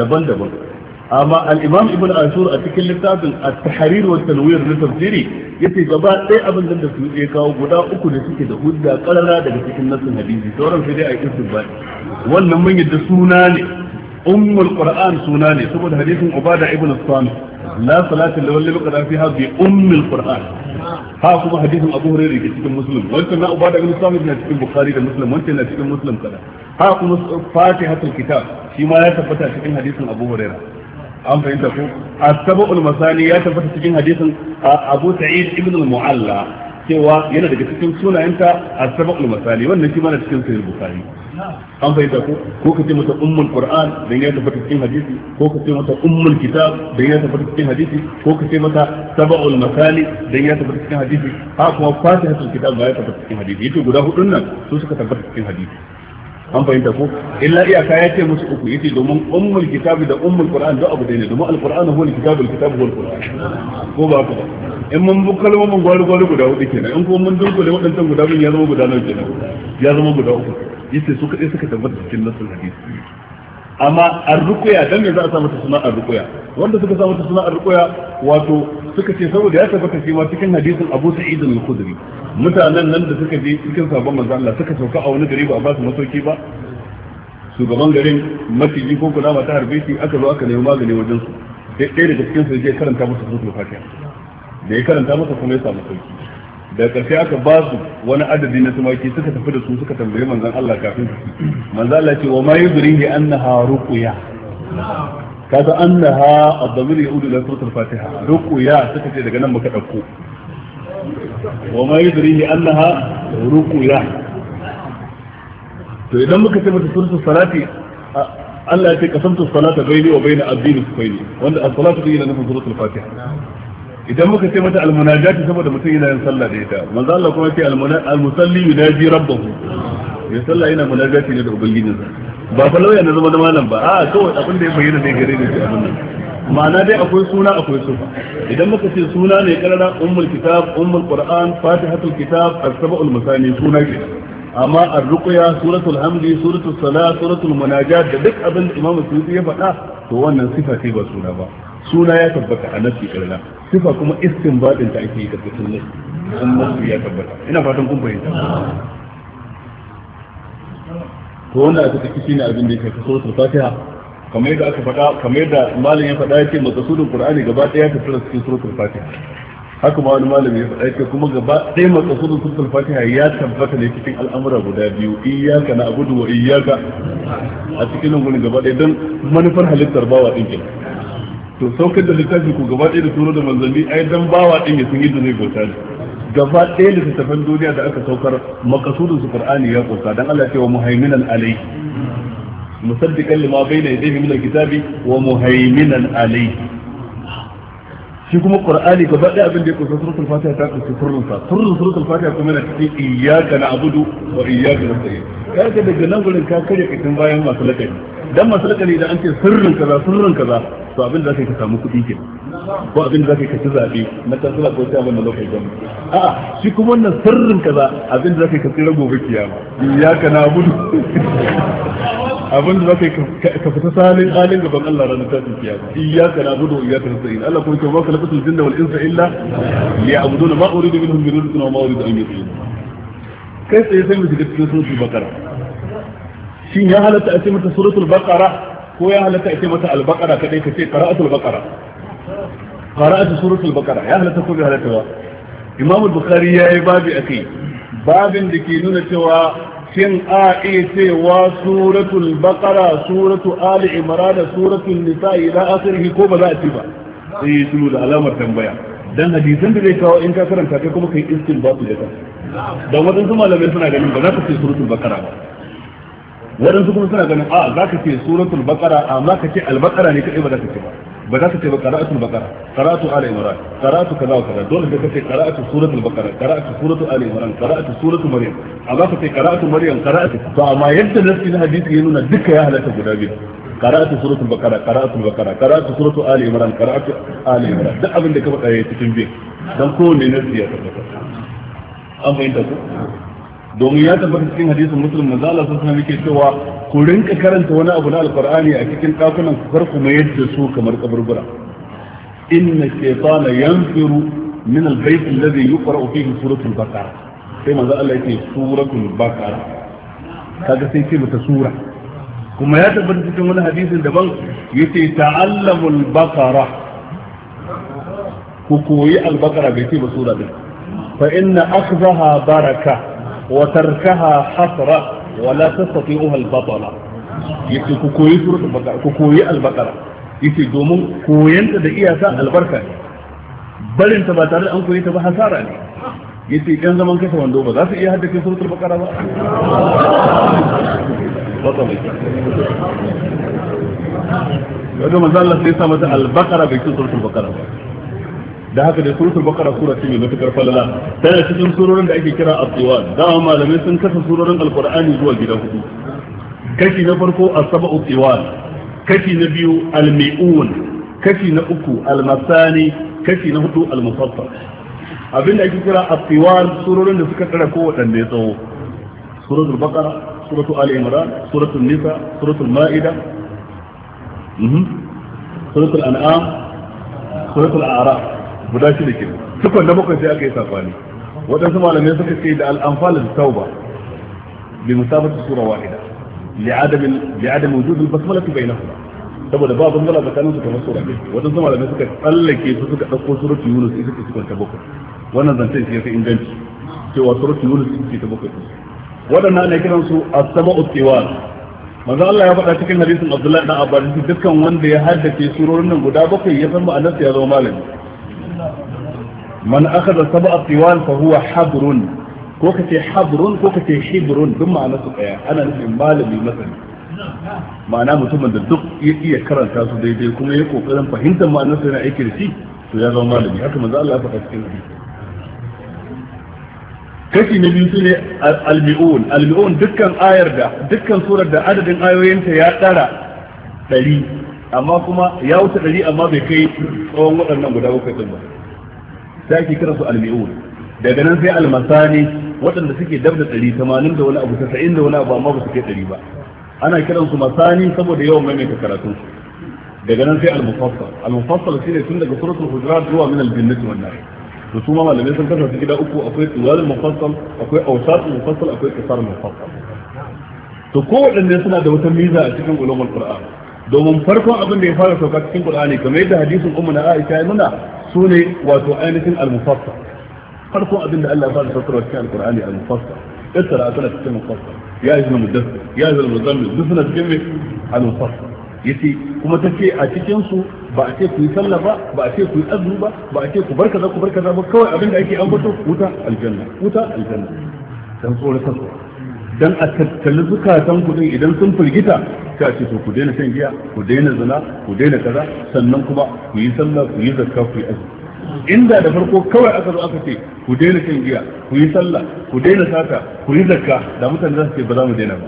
20 daban-daban amma al ibn ashur a cikin littafin a tahrir wa tanwir na tafsiri yace gaba ɗaya abin da su ya kawo guda uku da suke da hujja karara daga cikin nassin hadisi sauran sai dai a yi istinbat wannan mun yadda suna ne ummul qur'an suna ne saboda hadisin ubada ibn sami la salata lil wali baqara fiha bi ummul qur'an ha kuma hadisin abu hurairah ke cikin muslim wancan na ubada ibn sami na cikin bukhari da muslim wancan na cikin muslim kada ha kuma fatihatul kitab shi ma ya tabbata cikin hadisin abu hurairah an fahimta ko a saba masani ya tabbata cikin hadisin Abu Sa'id ibn al-Mu'alla cewa yana daga cikin sunayenta a saba masani wannan shi mana cikin sahih Bukhari an fahimta ko ko kace mata ummul Qur'an dan ya tabbata cikin hadisi ko kace mata ummul kitab dan ya tabbata cikin hadisi ko kace mata sab'ul masani dan ya tabbata cikin hadisi ha kuma fatihatul kitab ba ya tabbata cikin hadisi yace guda hudun nan su suka tabbata cikin hadisi an fahimta ko illa iyaka ya ce musu uku yace domin ummul kitabi da ummul qur'an da abu ne domin alqur'anu huwa alkitabu alkitabu huwa alqur'an ko ba ku in mun bu kalmomin guda hudu kenan in kuma mun guda mun ya zama guda nawa kenan ya zama guda uku yace su kadai suka tabbata cikin nasul hadisi amma arrukuya dan me za a sa mata suna arrukuya wanda suka sa mata suna arrukuya wato suka ce saboda ya tabbata shi ma cikin hadisin Abu Sa'id al-Khudri mutanen nan da suka je cikin sabon manzo Allah suka sauka a wani gari ba a ba su masauki ba shugaban garin maciji ko kula ta harbe shi aka zo aka nemi magani wajen su sai ɗaya daga cikin su je karanta musu suratul fatiha da ya karanta musu kuma ya samu sauki da ƙarfi aka ba su wani adadi na tumaki suka tafi da su suka tambayi manzon Allah kafin su manzon Allah ce wa ma yudrihi annaha ruqya kaga annaha ad-damir yaudu ila suratul fatiha ruqya suka ce daga nan muka dauko wa ma yudrihi annaha ruqya to idan muka ce mata suratul salati Allah ya ce kasamtu salata baini wa baina abdi nusaini wanda as-salatu ila nufin suratul fatiha idan muka ce mata almunajati saboda mutum yana yin sallah da ita manzo Allah kuma ce almusalli yunaji rabbahu ya sallah yana munajati ne da sa. ba fa lauya na zama da malam ba a kawai abin da ya bayyana ne gare ni abin nan ma'ana dai akwai suna akwai sufa idan muka ce suna ne karara ummul kitab ummul qur'an fatihatul kitab as-sab'ul masani suna ke amma ar-ruqya suratul hamdi suratul salat suratul munajat da duk abin da imamu suyuti ya faɗa to wannan sifa ce ba suna ba suna ya tabbata a nafi karna sifa kuma istinbadin ta ake yi tabbatar nafi an nafi ya tabbata ina fatan kun fahimta to wanda aka tafi ne abin da yake kaso su fatiha kamar yadda aka faɗa kamar yadda malam ya faɗa yake maqsudul qur'ani gaba ɗaya ya tafi cikin suratul fatiha haka ma wani malami ya faɗa yake kuma gaba ɗaya maqsudul suratul fatiha ya tabbata ne cikin al'amura guda biyu iyyaka na'budu wa iyyaka a cikin gurin gaba ɗaya don manufar halittar bawa ɗinkin. kenan to saukar da littafi ku gaba ɗaya da turo da manzanni ai dan bawa ɗin ya san yadda zai bauta ne gaba ɗaya da littafan duniya da aka saukar makasudin su qur'ani ya kunsa dan Allah ya ce wa muhaiminan alai musaddiqan lima bayna yadayhi min alkitabi wa muhaiminan alai shi kuma qur'ani gaba ɗaya abin da ya kunsa suratul fatiha ta kunsa sirrin sa sirrin suratul fatiha kuma yana cikin iyyaka na'budu wa iyyaka nasta'in kaga daga nan gurin ka kare katin bayan masu lakabi dan masalaka ne da an ce sirrin kaza sirrin kaza to abin da zaka ka samu kuɗi ke ko abin da zaka ka ci zaɓe na kansula ko ta wannan lokacin dan a'a shi kuma wannan sirrin kaza abin da zaka ka tsira gobe kiyama ya kana budu abin da zaka ka fita salin halin gaban Allah ranar tashin kiyama iyyaka na'budu wa iyyaka nasta'in Allah kuma ce wa khalaqatul jinna wal insa illa liya'buduna ma da minhum min rizqin wa ma uridu an yut'in kai tsaye sai mu shiga cikin suratul baqara shin ya halatta a ce mata suratul baqara ko ya halatta a ce mata al-baqara kadai ka ce qira'atul baqara qira'atu suratul baqara ya halatta ko bai halatta ba imam al-bukhari yayi babi akai babin da ke nuna cewa shin a iya cewa suratul baqara suratu ali imran suratul nisa ila akhirih ko ba za a ce ba sai yi sulu da alamar tambaya dan hadisan da zai kawo in ka karanta kai kuma kai istinbatu da ka dan wadansu malamai suna ganin ba za ka ce suratul baqara ba waɗansu kuma suna ganin a za ka ce suratul baqara amma ka ce al ne kaɗai ba za ka ce ba ba za ka ce ba qara'atul baqara qara'atu ali imran qara'atu kaza wa kaza dole sai ka ce qara'atu suratul baqara qara'atu suratul ali imran qara'atu suratul maryam za ka ce qara'atu maryam qara'atu to amma yadda nasi na hadisi ya nuna duka ya halatta guda biyu qara'atu suratul baqara qara'atul baqara qara'atu suratul ali imran qara'atu ali imran duk abin da ka faɗa yayi cikin biyu dan kowanne nasi ya tabbata an fahimta ku domin ya tabbata cikin hadisin muslim manzo Allah sallallahu alaihi ke cewa ku rinka karanta wani abu na alqur'ani a cikin dakunan ku kar ku mayar da su kamar kaburbura inna shaytana yanfiru min albayt alladhi yuqra'u fihi suratul baqara sai manzo Allah yake suratul baqara kaga sai ce mata sura kuma ya tabbata cikin wani hadisin daban yace ta'allamul baqara ku koyi albaqara bai ce ba sura din fa inna akhdaha baraka وتركها حسرة ولا تستطيعها البطلة يكي كوكوي سورة البقرة كوكوي البقرة يكي دومون كوين تدقيها البركة بل انت باتر أنكو يتبع حسارة لي yace idan zaman kasa wando ba za su iya haddace suratul baqara ba wato manzo Allah sai sa mata al-baqara bai suratul baqara ba da haka da suratul baqara sura ce mai matukar falala tana cikin surorin da ake kira as-siwat dama malamai sun kasa surorin alqur'ani zuwa gida hudu kashi na farko as-sab'u siwat kashi na biyu al-mi'un kashi na uku al-masani kashi na hudu al-mufassal abin da ake kira as-siwat surorin da suka tsara kowanne ya tsawo suratul baqara suratul ali imran suratul nisa suratul ma'ida suratul an'am suratul a'raf guda shi da ke tukun da bakwai sai aka yi safani waɗansu malamai suka ce da al'amfala da tauba bi musabatu sura wahida li adam li adam wujud al basmala bainahuma saboda ba bangala tsakanin su kamar sura ɗaya waɗansu malamai suka tsallake su suka ɗauko suratu yunus ita ce tukun ta bakwai wannan zancen shi ya fi inganci cewa suratu yunus ita ce ta bakwai waɗannan ne kiransu as-saba'u tiwal manzo Allah ya faɗa cikin hadisin Abdullahi dan Abbas dukkan wanda ya haddace surorin nan guda bakwai ya san ma'anar ya zama malami man akhadha sab'a tiwal fa huwa habrun ko kace habrun ko kace hibrun duk ma'ana su daya ana nufin malami masani ma'ana mutumin da duk ya iya karanta su daidai kuma ya kokarin fahimtar ma'anar sa yana aiki da shi to ya zama malami haka manzo Allah ya faɗa cikin hadisi kashi na biyu sune al-mi'un dukkan ayar da dukkan surar da adadin ayoyinta ya tsara ɗari amma kuma ya wuce ɗari amma bai kai tsawon waɗannan guda bakwai ɗin ba sai ake kira su almi'un daga nan sai almasani waɗanda suke dab da ɗari tamanin da wani abu tasa'in da wani abu amma ba su kai ɗari ba ana kiran su masani saboda yawan maimaita karatun daga nan sai al-mufassal shine tun daga suratul hujurat zuwa min al-jinnati wan nar to su ma malamai sun kasa su gida uku akwai tuwal mufassal akwai awsat mufassal akwai qisar mufassal to ko wadanne suna da wata miza a cikin ulumul qur'an domin farkon abin da ya fara sauka cikin Qur'ani kamar yadda hadisin Ummu na Aisha ya nuna sune wato ainihin al-mufassal farkon abin da Allah ya fara saukarwa cikin Al-Qur'ani al-mufassal ittara asala cikin mufassal ya yi mudassir ya yi muzammil duk suna cikin mai al-mufassal yace kuma tace a cikin su ba a ce ku yi sallah ba ba a ce ku yi azumi ba ba a ce ku barka da, ku barka da, ba kawai abin da ake ambato wuta aljanna wuta aljanna dan tsoron kasuwa dan a tattali zukatan kuɗin idan sun firgita ka ce to ku daina shan giya ku daina zina ku daina kaza sannan kuma ku yi sallah ku yi zakka ku yi azumi inda da farko kawai aka zo aka ce ku daina shan giya ku yi sallah ku daina sata ku yi zakka da mutane za su ce ba za mu daina ba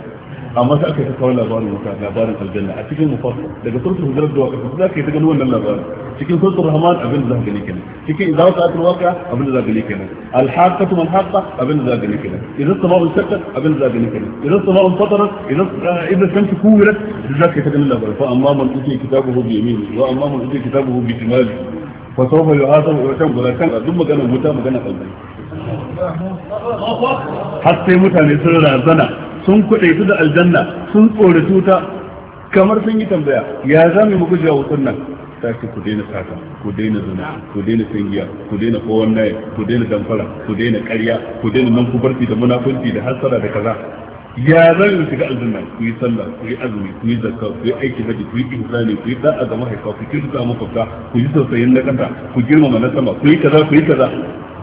amma sai aka yi kawo labarin wuta labarin aljanna a cikin mufassal daga surtul hujurat da waka za ka yi ta gani wannan labarin cikin surtul rahman abin da za ka gani cikin idan ka atul waka abin da za ka gani kenan al haqqatu wal haqqa abin da za ka gani kenan idan sama'u shakkat abin da za ka gani kenan idan sama'u fatarat idan idan shamsu kuwirat za ka yi ta gani labarin fa amma man utiya kitabu hu yamin wa amma man utiya kitabu hu shimalihi fa sawfa yuhasabu wa wala kan duk magana wuta magana kalmai har sai mutane sun razana sun su da aljanna sun tsori tuta kamar sun yi tambaya ya za mu muku jawo wutar nan ta ce ku daina sata ku daina zina ku daina sangiya ku daina kowan naye ku daina damfara ku daina karya ku daina nan kubarci da munafunci da hasara da kaza ya za mu shiga aljanna ku yi sallah ku yi azumi ku yi zakka ku yi aiki haji ku yi ihsani ku yi da'a ga mahaifa ku kirka makwabta ku yi sosai na kanta ku girmama na sama ku yi kaza ku yi kaza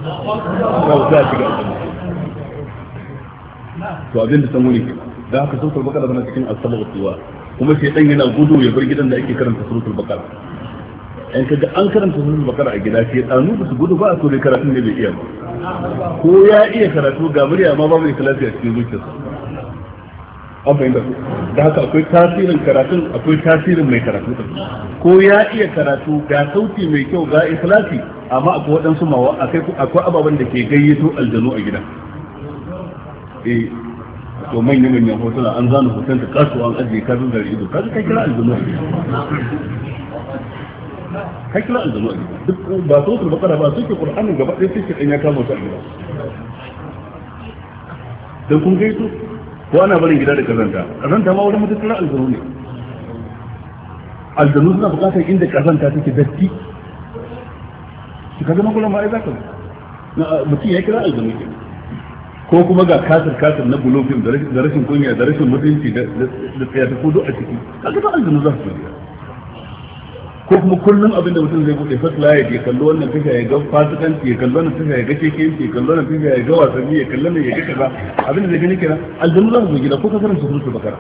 za shiga aljanna to abin da san wuri ke da haka suratul baqara tana cikin asabar tuwa kuma sai dan yana gudu ya bar gidan da ake karanta suratul baqara in kaga an karanta suratul baqara a gida sai dan ba su gudu ba a so dai karatun ne bai iya ba ko ya iya karatu ga murya amma babu mai a cikin zuciyarsa an fahimta da haka akwai tasirin karatun akwai tasirin mai karatu ko ya iya karatu ga sauti mai kyau ga ikhlasi amma akwai waɗansu mawa akwai ababen da ke gayyato aljanu a gida eh to manya manyan hotuna an zana hoton da kasuwa an ajiye kazan gari ido kaza kai kira aljanu kai kira aljanu duk ba su su bakara ba suke kur'anin gaba ɗaya suke dan ya kama su a gida dan kun su ko ana barin gida da kazanta kazanta ma wani kira aljanu ne aljanu suna bukatar inda kazanta take datti su kaga magulan ma'ai za ka mutum ya kira aljanu kenan ko kuma ga kasir kasir na bulofin da rashin kunya da rashin mutunci da tsayata ko kudu a ciki kaga ta aljanu za su biya ko kuma kullum abinda mutum zai bude fasla ya ke kallo wannan tasha ya ga fasikanci ya kallo wannan tasha ya ga keke ya kallo wannan tasha ya ga wasanni ya kallo ya ga kaza abinda zai gani kenan aljanu za su gida ko ka karanta surutu bakara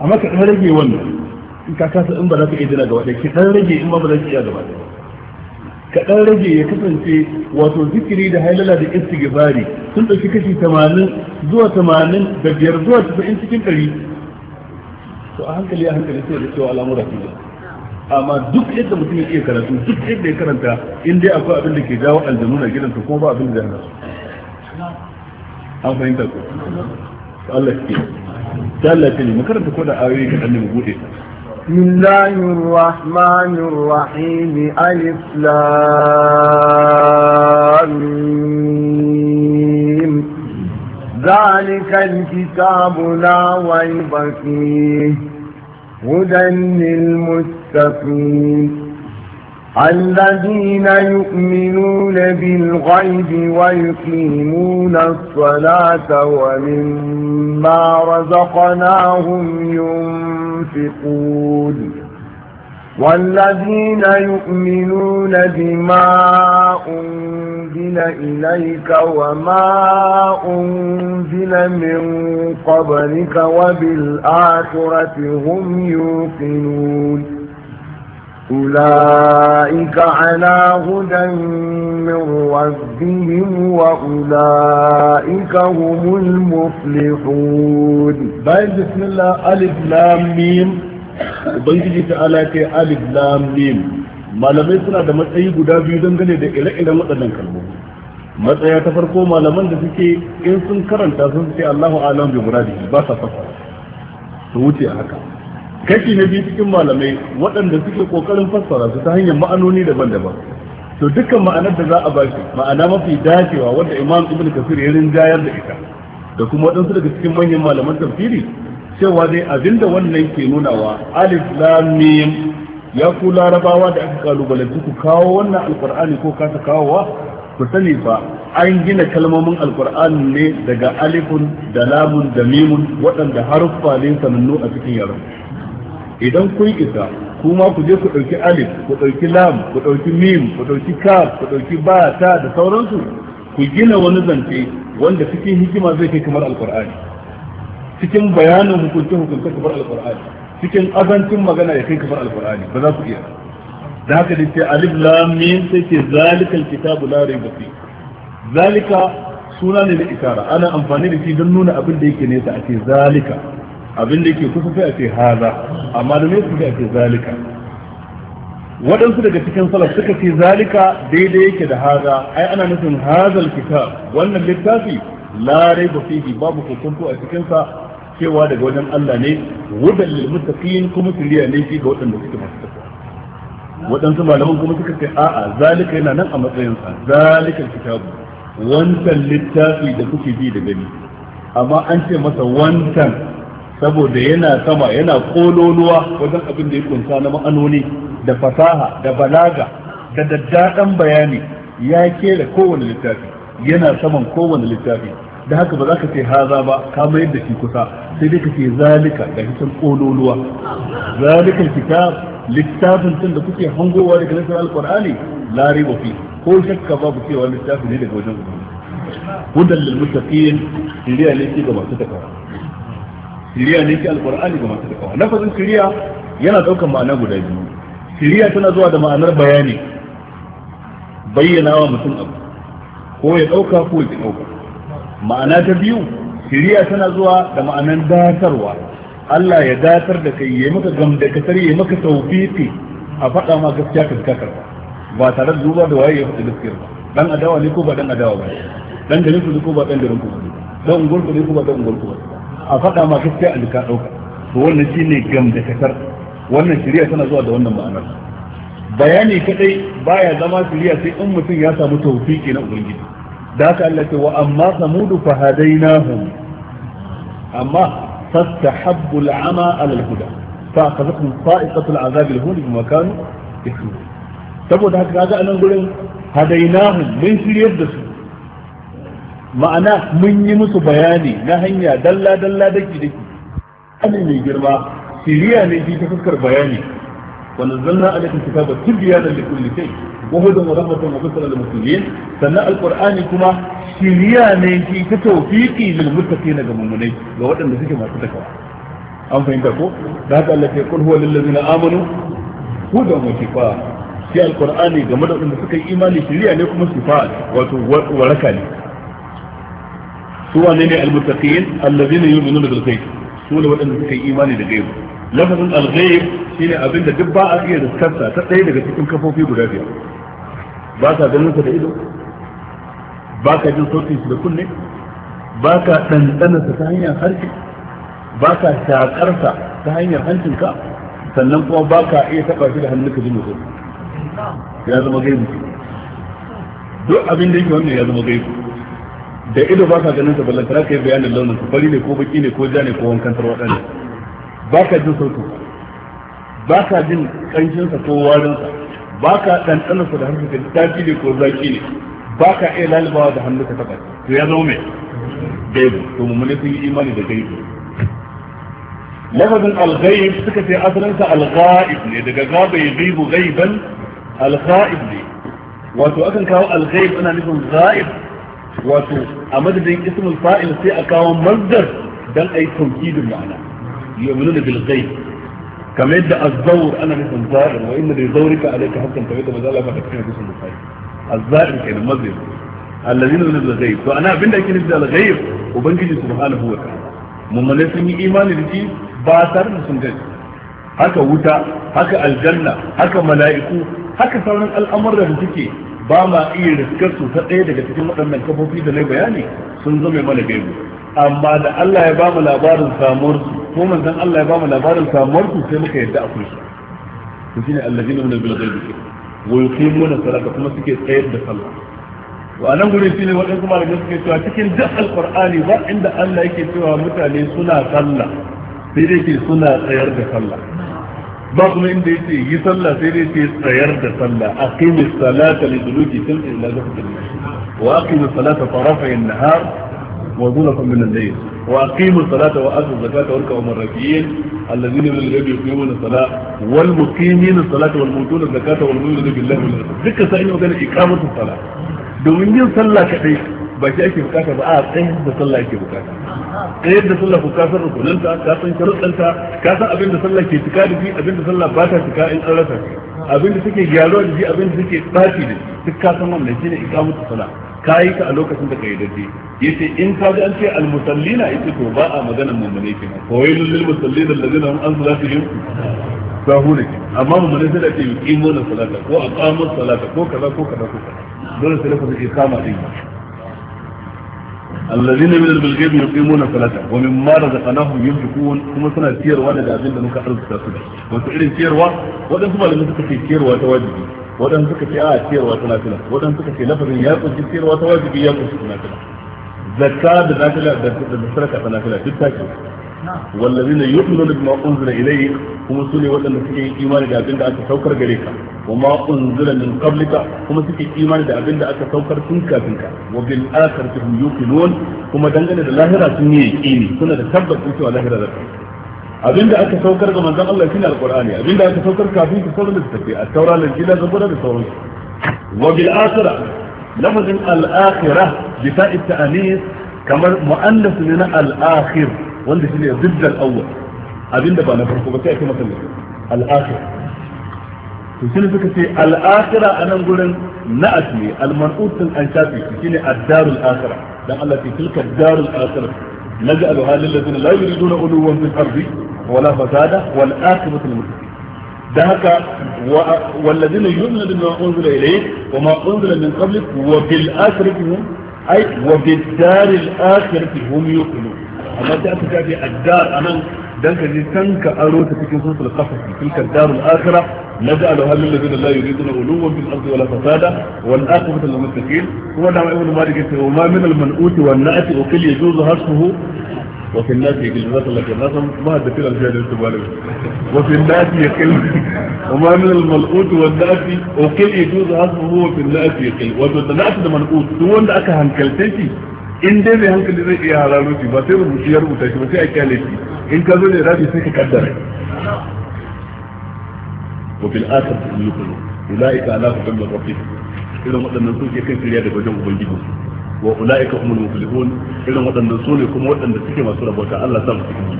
amma ka rage wannan in ka kasa in ba za ka iya jira ga ɗaya ki dan rage in ma ba za ka iya gaba ɗaya Kaɗan rage ya kasance wato zikiri da hailala da istighfari sun dauki kashi 80 zuwa 80 da biyar zuwa 90 cikin 100 to a hankali a hankali sai da cewa al'amura ke amma duk yadda mutum ya iya karatu duk yadda ya karanta in dai akwai abin da ke jawo aljanu na gidansa ko ba abin da ya nasu. an fahimta ko Allah ke ta Allah ce ne makaranta ko da ayoyi kaɗan ne mu bude ta. بسم الله الرحمن الرحيم ألف لام ذلك الكتاب لا ريب فيه هدى للمتقين الذين يؤمنون بالغيب ويقيمون الصلاة ومما رزقناهم ينفقون والذين يؤمنون بما أنزل إليك وما أنزل من قبلك وبالآخرة هم يوقنون أولئك على هدى من ربهم وأولئك هم المفلحون باين بسم الله ألف لام ميم جيت على كي ألف لام ميم malamai suna da matsayi guda biyu dangane da ire ire waɗannan kalmomi matsaya ta farko malaman da suke in sun karanta sun ce Allahu alam bi muradi ba sa fasa su wuce haka kashi na biyu cikin malamai waɗanda suke kokarin fassara su ta hanyar ma'anoni daban-daban to dukkan ma'anar da za a ba shi ma'ana mafi dacewa wanda imam ibn kafir ya rinjayar da ita da kuma waɗansu daga cikin manyan malaman tafsiri cewa dai abinda wannan ke nunawa alif lam ya ku larabawa da aka kalubalanci ku kawo wannan alqur'ani ko kasa kawowa ku sani ba an gina kalmomin alqur'ani ne daga alifun da lamun da mimun waɗanda haruffa ne sanannu a cikin yaran idan kun isa kuma ku je ku ɗauki alif ku ɗauki lam ku ɗauki mim ku ɗauki kaf ku ɗauki ba ta da sauransu ku gina wani zance wanda cikin hikima zai kai kamar alqur'ani cikin bayanin hukunce hukunce kamar alqur'ani cikin azancin magana ya kai kamar alqur'ani ba za ku iya da haka da ce alif lam mim sai ce zalikal kitabu la rayba fi zalika suna ne na isara ana amfani da shi don nuna abin da yake ne a ce zalika abin da ke kusa sai a ce haza amma da ne suka ce zalika waɗansu daga cikin salaf suka ce zalika daidai yake da haza ai ana nufin hazal kitab wannan littafi la raiba fihi babu kokonto a cikin sa cewa daga wajen Allah ne wudan lil muttaqin kuma kiriya ne fi ga waɗanda suke masu takwa waɗansu malaman kuma suka ce a'a zalika yana nan a matsayin sa zalika kitab wancan littafi da kuke bi da gani amma an ce masa wantan. saboda yana sama yana kololuwa wajen abin da ya kunsa na ma'anoni da fasaha da balaga da daddaɗan bayani ya kera kowane littafi yana saman kowane littafi da haka ba za ka ce haza ba ka mai da shi kusa sai dai ka ce zalika da hisan kololuwa zalika kitab littafin tun da kuke hangowa daga nasar alkur'ani lari riba fi ko shakka babu cewa littafi ne daga wajen ubangiji hudan lil muttaqin shiriya ne ga masu takawa shiriya ne ke alkur'ani ga masu takawa lafazin shiriya yana daukan ma'ana guda biyu shiriya tana zuwa da ma'anar bayani bayyana wa mutum abu ko ya dauka ko ya dauka ma'ana ta biyu shiriya tana zuwa da ma'anar datarwa Allah ya datar da kai ya maka gamdakatar ya maka tawfiqi a faɗa ma gaskiya ka karba ba tare da duba da waye ya faɗi gaskiyar ba dan adawa ne ko ba dan adawa ba dan garin ku ko ba dan garin ku ba dan gurku ne ko ba dan gurku ba a faɗa ma gaskiya a jika ɗauka to wannan shi ne gam da wannan shirya tana zuwa da wannan ma'anar bayani kadai baya zama shirya sai in mutum ya samu tawfiki na ubangiji da haka Allah ce wa amma samudu fa hadainahu. amma fastahabbu al'ama ala al-huda fa akhadhatuhum sa'iqatu al-'adhab al-hun bima kanu yaksubun saboda haka ga anan gurin hadainahu mun shiryar da su ma'ana mun yi musu bayani na hanya dalla dalla daki daki Allah mai girma siriya ne shi ta fuskar bayani wa nazzalna alaykum kitaba tibyana li kulli shay wa hudan wa rahmatan wa bushra lil muslimin sannan alqur'ani kuma siriya ne shi ta tawfiqi lil muttaqina ga mummunai ga waɗanda suke masu takawa an fahimta ko da haka Allah ya kul huwa lil ladzina amanu hudan wa shifa shi alqur'ani game da waɗanda suka yi imani siriya ne kuma shifa wato waraka ne سوى لنا المتقين الذين يؤمنون بالغيب سوى لنا في إيماني لغيب لفظ الغيب هنا أبن دبا أكيد تتكسى تتعي لك تكون كفو في بلادية باكا جنسة إيدو باكا جنسة إيدو باكا جنسة باكا تندنة تهيني خلقك باكا شاكرسة تهيني خلقك سننقوا باكا إيه تقع في لها النك جنسة يا ذا مغيب دو أبن ديك وأمني يا ذا مغيب da ido ba ka ganin sa ballantana ka yi bayanin launin su fari ne ko baki ne ko ja ne ko wankan tarwaɗa ne ba ka jin sautin ba ka jin ƙanshin sa ko warin sa ba ka ɗanɗanar sa da hannu ka ji tafi ne ko zaki ne ba ka iya lalibawa da hannu ka taɓa to ya zama mai gaibu to mummune sun yi imani da gaibu lafazin alghaib suka ce asalin sa alghaib ne daga gaba ya gaibu gaiban alghaib ne wato akan kawo alghaib ana nufin ghaib wato a madadin ismul fa'il sai a kawo mazdar dan ai tawkidin ma'ana yu'minuna bil ghaib kamar yadda az-zawr ana nufin zahir wa inna li zawrika alayka hakkan kamar yadda mazalla ba ta cikin ismul fa'il az-zahir kenan mazdar allazina yu'minuna bil ghaib to ana abinda ake nufi da al-ghaib ubangiji subhanahu wa ta'ala mummune sun yi imani da shi ba tare da sun gani haka wuta haka aljanna haka mala'iku haka sauran al'amuran da suke ba ma iya riskar su ta ɗaya daga cikin waɗannan kafofi da na bayani sun zama mana gaibu amma da Allah ya ba mu labarin samuwar su ko manzon Allah ya ba mu labarin samuwar su sai muka yadda akwai su to shine allazina min bil ghaibi wa yuqimuna salata kuma suke tsayar da sallah wa anan gurin shine waɗansu malamai suke cewa cikin duk alqur'ani ba inda Allah yake cewa mutane suna sallah sai dai ke suna tsayar da sallah بعضهم ان ده يتي يصلى سيدي يتي يستير ده صلى اقيم الصلاة لدلوك يتلق الى ذكت المشي واقيم الصلاة طرفع النهار وظلق من الليل واقيم الصلاة واقف الزكاة والك ومراكيين الذين من الغيب يقيمون الصلاة والمقيمين الصلاة والموتون الزكاة والمؤمنون بالله والله ذكر سعيد وكان اقامة الصلاة دومين صلى كحيث ba shi ake bukata ba a tsayar da sallah ake bukata tsayar da sallah ku kasar rukunanta ka san sharuɗanta ka san abin da sallah ke cika da shi abin da sallah ba ta cika in an rasa abin da take gyaruwa da shi abin da take tsafi da duk ka san wannan shine iqamatu salah ka yi ka a lokacin da ka yi Ya ce in ka ji an ce almusallina yace to ba a maganar mummune kenan fa wailul lil musallina allazina hum an salatihim sahuna amma mummune sai da ce yuqimuna salata ko a aqamu salata ko kaza ko kaza ko kaza dole sai da ku ikama din الذين من الغيب يقيمون ومن ما رزقناهم ينفقون كما سنة تيروا لدى أبين لنك أرزق تاسد وتعلم تيروا ودن ثم لم تكفي تيروا تواجبي ودن تكفي آه تيروا تنافلة ودن تكفي لفظ يأكل تيروا تواجبي يأكل تنافلة زكاة تنافلة زكاة تنافلة تتاكل والذين يؤمنون بما أنزل إليك هم سنة وطن سكي إيمان دا أبين دا أكا سوكر غريكا وما أنزل من قبلك هم سكي إيمان دا أبين دا أكا سوكر تنكا تنكا وبالآخرة هم يوقنون هم دنجل دا لاهرة سنية إيني سنة دا تبت سوى لاهرة دا abinda aka saukar ga manzon Allah shine alqur'ani abinda aka saukar kafin ka sauran littafi at-taura al-injila zabura da sauran wa bil akhirah lafazin al-akhirah bi kamar muannas ne na akhir wanda shine ziddal awwal abinda ba na farko ba sai kuma masa al-akhir to shi ne suka ce al-akhira anan gurin na asli al-man'ut an shafi shine ad-darul akhira dan Allah ce tilka ad-darul akhira naj'aluha lil ladina la yuriduna uluwan fil ardi wala fasada wal akhiratu lil muttaqin da haka ilayhi wa ma أنزل min qablik wa bil akhirati وفي الآخرة هم أي وبالدار akhirati hum يؤمنون amma sai aka shafe addar anan dan ka je can ka aro ta cikin sunan qasas tilka darul akhirah naj'aluha lil ladina la yuriduna uluwan fil ardi wala fasada wal aqibatu lil muttaqin kuma da ibnu malik yace wa ma min al man'uti wan na'ati ukil yajuzu hasbuhu وفي الناس يقل ذات لك النظم ما هذا كده الجهد التبالغ وفي الناس يقل وما من الملقوت والناس وكل يجوز عصفه وفي الناس يقل وفي da ده منقوت دون ده أكا هنكلتشي in dai mai hankali zai iya hararo shi ba sai rubutu ya rubuta shi ba sai a kyale shi in ka zo da rabi sai ka kaddara wa bil akhir yukulu ulaika ala hukum rabbih irin waɗannan su ke kan shirya daga wajen ubangiji wa ulaika humul muflihun irin waɗannan su ne kuma waɗanda suke masu rabota Allah sa mu cikin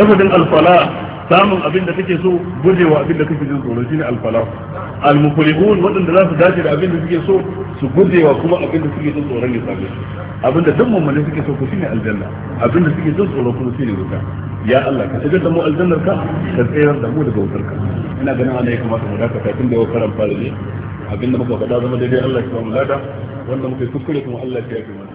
lafadin alfala samun abin da kake so gujewa abin da kake jin tsoro shine alfala almuflihun waɗanda za su dace da abin da suke so su gujewa kuma abin da suke jin tsoro ne same su abin da duk mummune suke so ko shine aljanna abin da suke jin tsoro kuma shine wuta ya Allah ka shigar da mu aljannar ka ka tsayar da mu daga wutar ka ina ganin Allah ya kamata mu dakata tun da yau fara ne abinda muka faɗa zama daidai Allah ya ba mu lada wanda muka yi kuskure kuma Allah ya yafe mana